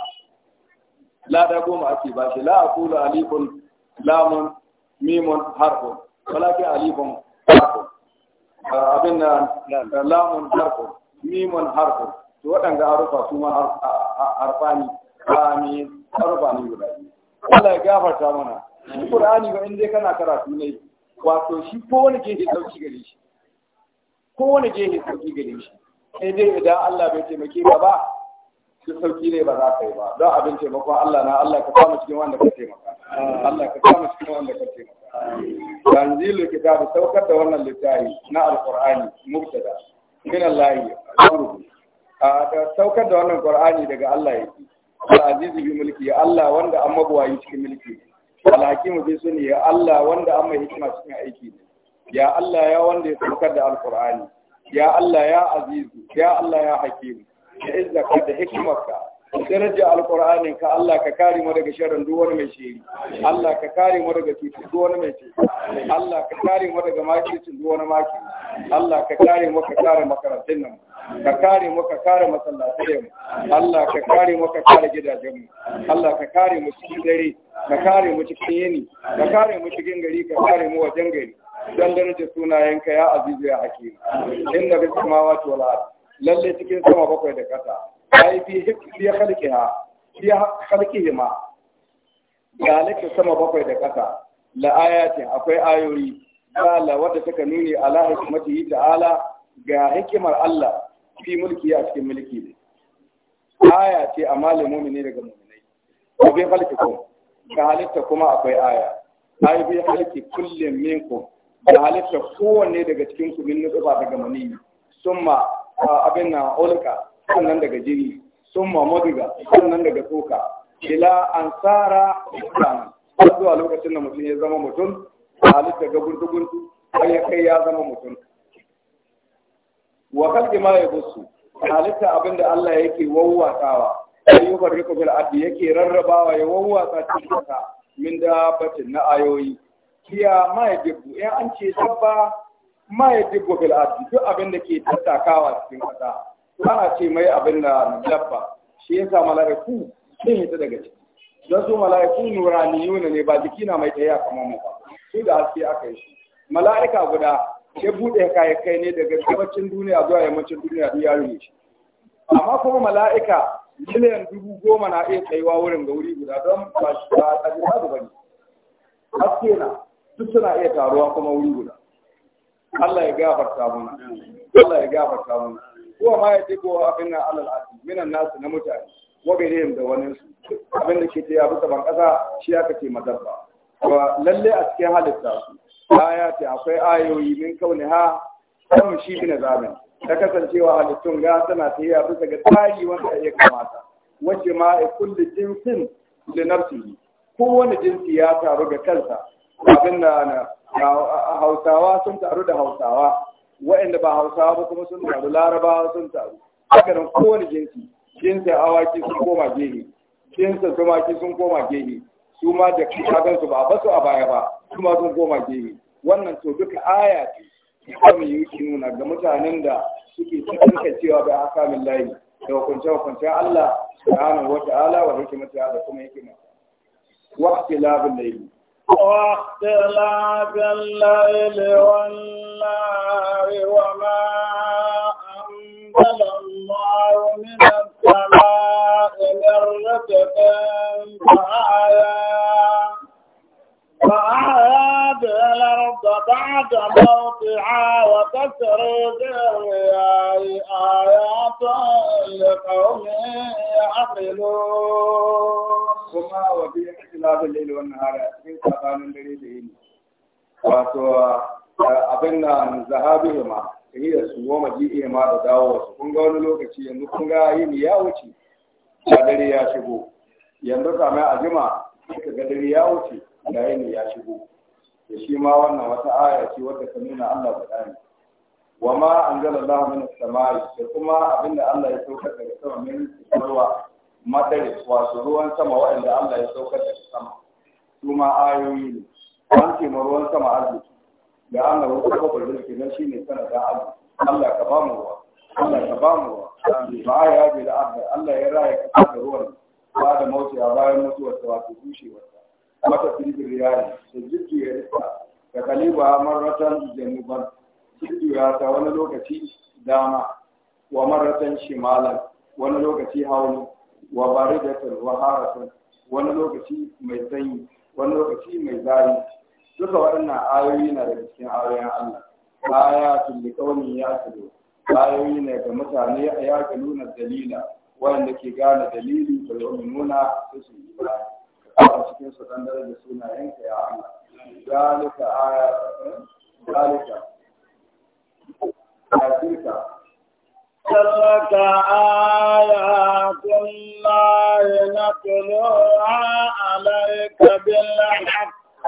lada goma ake ba shi la aqulu alifun lamun mimun harfun walakin alifun Ah, abin da ah, lamun harfin mimun harfin to waɗanda harufa su ma ah, harfa ne ba ne ne guda biyu Wala ya gafarta mana shi Al-ƙur'ani ba in dai kana karatu ne wato shi ko wani ke da sauki gare shi ko wani ke sauki gare shi sai dai idan Allah bai taimake ka ba shi sauki ne ba za ka yi ba don abin taimakon Allah na Allah ka kama cikin wanda ka taimaka Allah ka kama cikin wanda ka taimaka tanzilu kitab saukar da wannan littafi na alqur'ani mubtada min Allah amru a da saukar da wannan qur'ani daga Allah yake al-azizu bi mulki Allah wanda an mabuwayi cikin mulki al-hakimu bi sunni ya Allah wanda an mai hikima cikin aiki ya Allah ya wanda ya saukar da alqur'ani ya Allah ya azizu ya Allah ya hakimu ya izzaka da hikimarka daraja Alƙur'ani, ka Allah ka kare mu daga sharrin duk wani mai shiri Allah ka kare mu daga cutar duk wani mai shiri. Allah ka kare mu daga makircin duk wani maki Allah ka kare mu ka kare makarantun nan ka kare mu ka kare masallatai mu Allah ka kare mu ka kare gidajen mu Allah ka kare mu cikin dare ka kare mu cikin yini ka kare mu cikin gari ka kare mu wajen gari dan daraja sunayenka ya azizu ya hakim inna bis samawati wal ard lalle cikin sama bakwai da kasa ai fi hikmiya khalqiha fi khalqihima galika sama bakwai da kasa la ayatin akwai ayoyi ta'ala wadda take nuni ala hikmatihi ta'ala ga hikimar Allah fi mulki a cikin mulki ne aya ce amma lil mu'mini daga mu'minai ko bai halki ko ga halitta kuma akwai aya ai bai halki kullum minkum da halitta kowanne daga cikin ku min nutsuba daga maniyi summa abin na ulka sannan daga jini sun mamudiga sannan daga tsoka ila an tsara islam har zuwa lokacin da mutum ya zama mutum a halitta ga guntu-guntu har ya kai ya zama mutum wa kalki ma ya busu halitta abinda Allah yake wawwatawa ayyukan rikubin abdi yake rarrabawa ya wawwata cikin min da batin na ayoyi kiya ma ya dibbu in an ce dabba ma ya dibbu bil ardi duk abin da ke tattakawa cikin kasa ba a ce mai abin da dabba shi yasa mala'iku sun hita daga ciki don su mala'iku yuna ne ba jiki na mai a kamar mu ba su da haske aka yi shi mala'ika guda ya buɗe kaye-kai ne daga gabacin duniya zuwa yammacin duniya ya rune shi amma kuma mala'ika miliyan dubu goma na iya tsayuwa wurin ga wuri guda don ba shi ba a jira da bane haske na duk suna iya taruwa kuma wuri guda Allah ya gafarta mana Allah ya gafarta mana Kuwa ma ya digo abin nan alal minan nasu na mutane wa bai da wani su abin da ke ta yabi saban kasa shi aka ce madabba Ba lalle a cikin halitta su aya ce akwai ayoyi min kauni ha kan shi na zamin ta kasancewa halittun ga tana ta yabi bisa ga tsari wanda ya kamata wace ma a kulli jinsin da Ko kowane jinsi ya taru ga kansa abin da hausawa sun taru da hausawa waɗanda ba hausawa ba kuma sun taru larabawa sun taru haka nan kowane jinsi jinsin awaki sun koma gehe jinsin tumaki sun koma gehe su ma da kagansu ba basu a baya ba su ma sun koma gehe wannan to duka aya ce ta mai yi nuna ga mutanen da suke cikin cewa bai aka min layi da hukunce hukunce Allah subhanahu wa ta'ala wa hikimata da kuma hikima wa ikhtilafin layli واختلاف الليل والنهار وما أنزل الله من السماء من رزق فآيات الأرض بعد موتها وتسريد آيات لقوم يعقلون كما وفي اختلاف الليل والنهار من سبحان الذي wato abin nan zahabi ma hiyar su goma ji'i ma da dawo su kun ga wani lokaci yanzu kun ya wuce dare ya shigo yanzu a jima ka ga dare ya wuce da yini ya shigo da shi ma wannan wata aya ce wadda ta nuna Allah guda wa ma anzala Allah min as-samai da kuma abinda Allah ya saukar daga sama min ruwa madari wato ruwan sama wanda Allah ya saukar daga sama su ma ayoyi ne an ce ma ruwan sama arziki da Allah ya saukar da rizki shi ne sanadin arziki Allah ka ba mu ruwa Allah ka ba mu ruwa ba ya bi da Allah ya raya ka da ruwan ba da mauti a bayan mutuwar ta wato bushewa mata filibir yari da jiddu ya rika da kaliba marratan januban jiddu ya ta wani lokaci dama wa marratan shimalan wani lokaci hauni wa bari da tarwaharatun wani lokaci mai sanyi wani lokaci mai zari duka waɗannan ayoyi na daga cikin ayoyin Allah aya tulli kauni ya tulo ayoyi ne ga mutane ya nuna dalila wanda ke gane dalili da nuna su su yi. a cikin su dan daraja sunayenka ya Allah zalika aya zalika zalika تلك آيات الله نتلوها عليك بالحق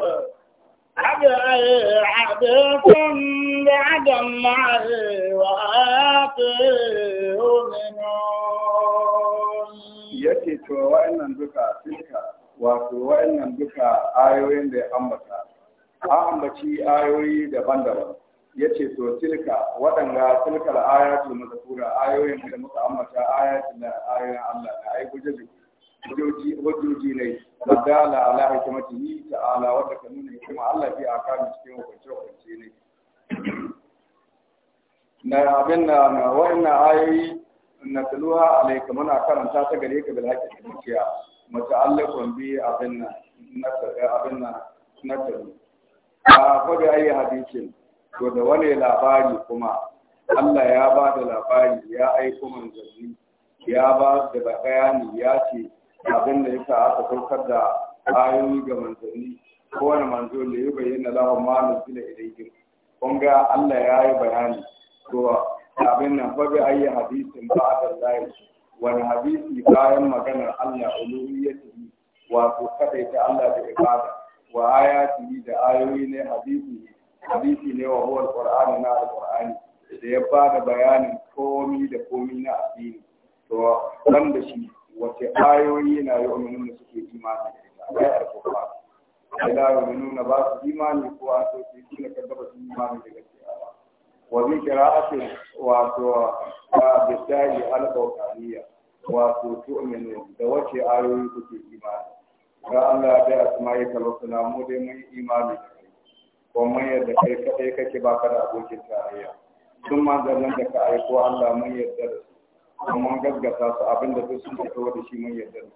أبأي حديث بعد الله وآياته يؤمنون يأتي تو وإن ذكر تلك wato wa'annan duka ayoyin da ya ambata a ambaci ayoyi daban-daban ya ce to tilka waɗanga tilkar ayatul mazkura ayoyin da muka ambata ayatul ayoyin Allah da ai gujeji hujjoji ne da dala ala hikmatihi ta'ala wadda ka nuna hikima Allah fi akami cikin hukunce hukunce ne na abin na na wa'annan ayoyi na tuluha alaika karanta ta gare ka bil haqqi gaskiya muta'alliqun bi abin nan abin nan nasabi a ko da ayi hadisin to da wani labari kuma Allah ya ba da labari ya aiko manzanni ya ba da bayani ya ce abin da yasa aka saukar da ayoyi ga manzanni kowane manzo da ya bayyana lahun ma nuzila ilayhim kun ga Allah ya yi bayani to abin nan fa bi ayi ba da lahi wani hadisi bayan maganar Allah uluhiyyatihi wato kadaita Allah da ibada wa ayatihi da ayoyi ne hadisi hadisi ne wa huwa alqur'ani na alqur'ani da ya bada bayanin komi da komi na addini to da shi wace ayoyi na umminu da suke imani da ita ayar kufa umminu na ba su imani ko an so su yi kila kaddaba su imani da gaske wani kira ake wato a bisayi al-bautaniya wato su amini da wace ayoyi kuke imani ga Allah da ya suma yi talosuna mu dai mun yi imani da kai ko mun yadda kai kaɗai ka ke baka da abokin tarayya sun manzannin da ka aiko Allah mun yadda da su mun gaggata su abin da su suke fito da shi mun yadda da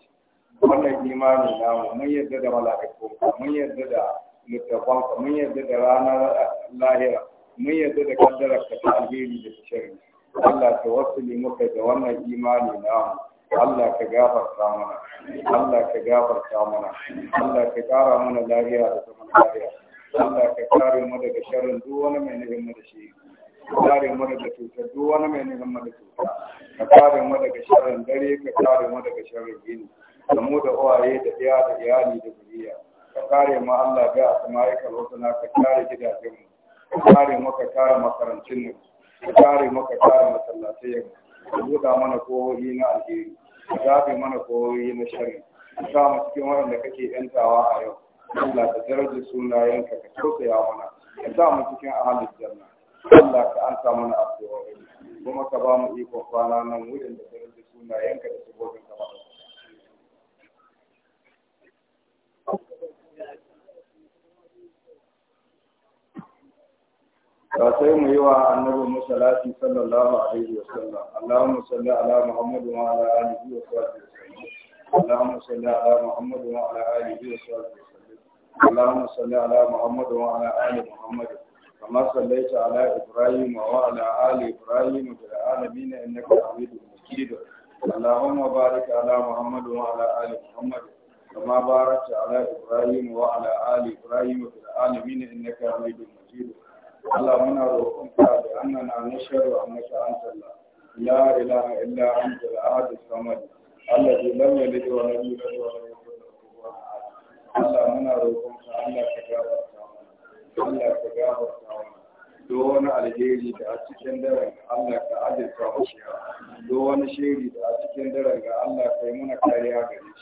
su wannan imani namu mun yadda da mala'aikun mun yadda da littafan mun yadda da ranar lahira mun yarda da kaddarar ka ta alheri da shirin. Allah ka wasuli muka da wannan imani namu Allah ka gafarta mana Allah ka gafarta mana Allah ka kara mana lafiya da zaman lafiya Allah ka kare mu daga sharrin duk wani mai nufin mu da shi kare mu daga cutar duk wani mai nufin mu da cuta ka kare mu daga sharrin dare ka kare mu daga sharrin gini da mu da uwaye da iya da iyali da zuriya ka kare mu Allah ga asma'ika wa ka kare gidajen mu ka kare maka kare makarantun nan ka kare maka kare masallatayen. ka buɗa mana kohohi na alheri ka zaɓe mana kohohi na shari ka sa mu cikin waɗanda kake yantawa a yau Allah ka daraja sunayenka ka tausaya mana ka sa mu cikin ahalin janna Allah ka ansa mana addu'o'i kuma ka ba mu ikon kwana nan wurin da daraja sunayenka da sabobin ba sai mu yi wa annabi musallati sallallahu alaihi wa sallam Allahumma salli ala Muhammad wa ala alihi wa sahbihi اللهم صل على محمد وعلى آله وصحبه وسلم اللهم صل على محمد وعلى آل محمد كما صليت على إبراهيم وعلى آل إبراهيم في العالمين إنك حميد مجيد اللهم بارك على محمد وعلى آل محمد كما باركت على إبراهيم وعلى آل إبراهيم في العالمين إنك حميد مجيد Allah muna roƙonka da annana na sharri annaka anta Allah la ilaha illa anta al-ahad as Allah alladhi lam yalid wa lam yulad wa lam yakul lahu kufuwan ahad Allah muna roƙonka Allah ka gafarta Allah ka gafarta mana do wani alheri da a cikin daren Allah ka adalta hushiya do wani shiri da a cikin daren ga Allah ka yi muna kariya gare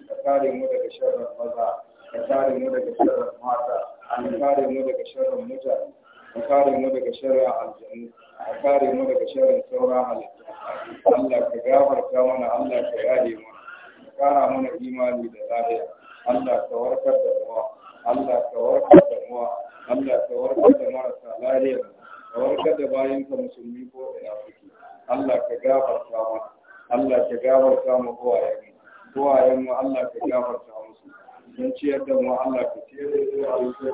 shi ka kare mu daga sharrin maza ka kare mu daga sharrin mata ka kare mu daga sharrin mutane ka kare mu daga sharrin aljanu a kare mu daga sharrin sauran halittu Allah ka gafarta mana Allah ka yaye mana ka kara mana imani da lafiya Allah ka warkar da mu Allah ka warkar da mu Allah ka warkar da marasa lafiya ka warkar da bayan ka musulmi ko da yafiki Allah ka gafarta mana Allah ka gafarta mu kowayen kowayen mu Allah ka gafarta musu mun ciyar da mu Allah ka ciyar da mu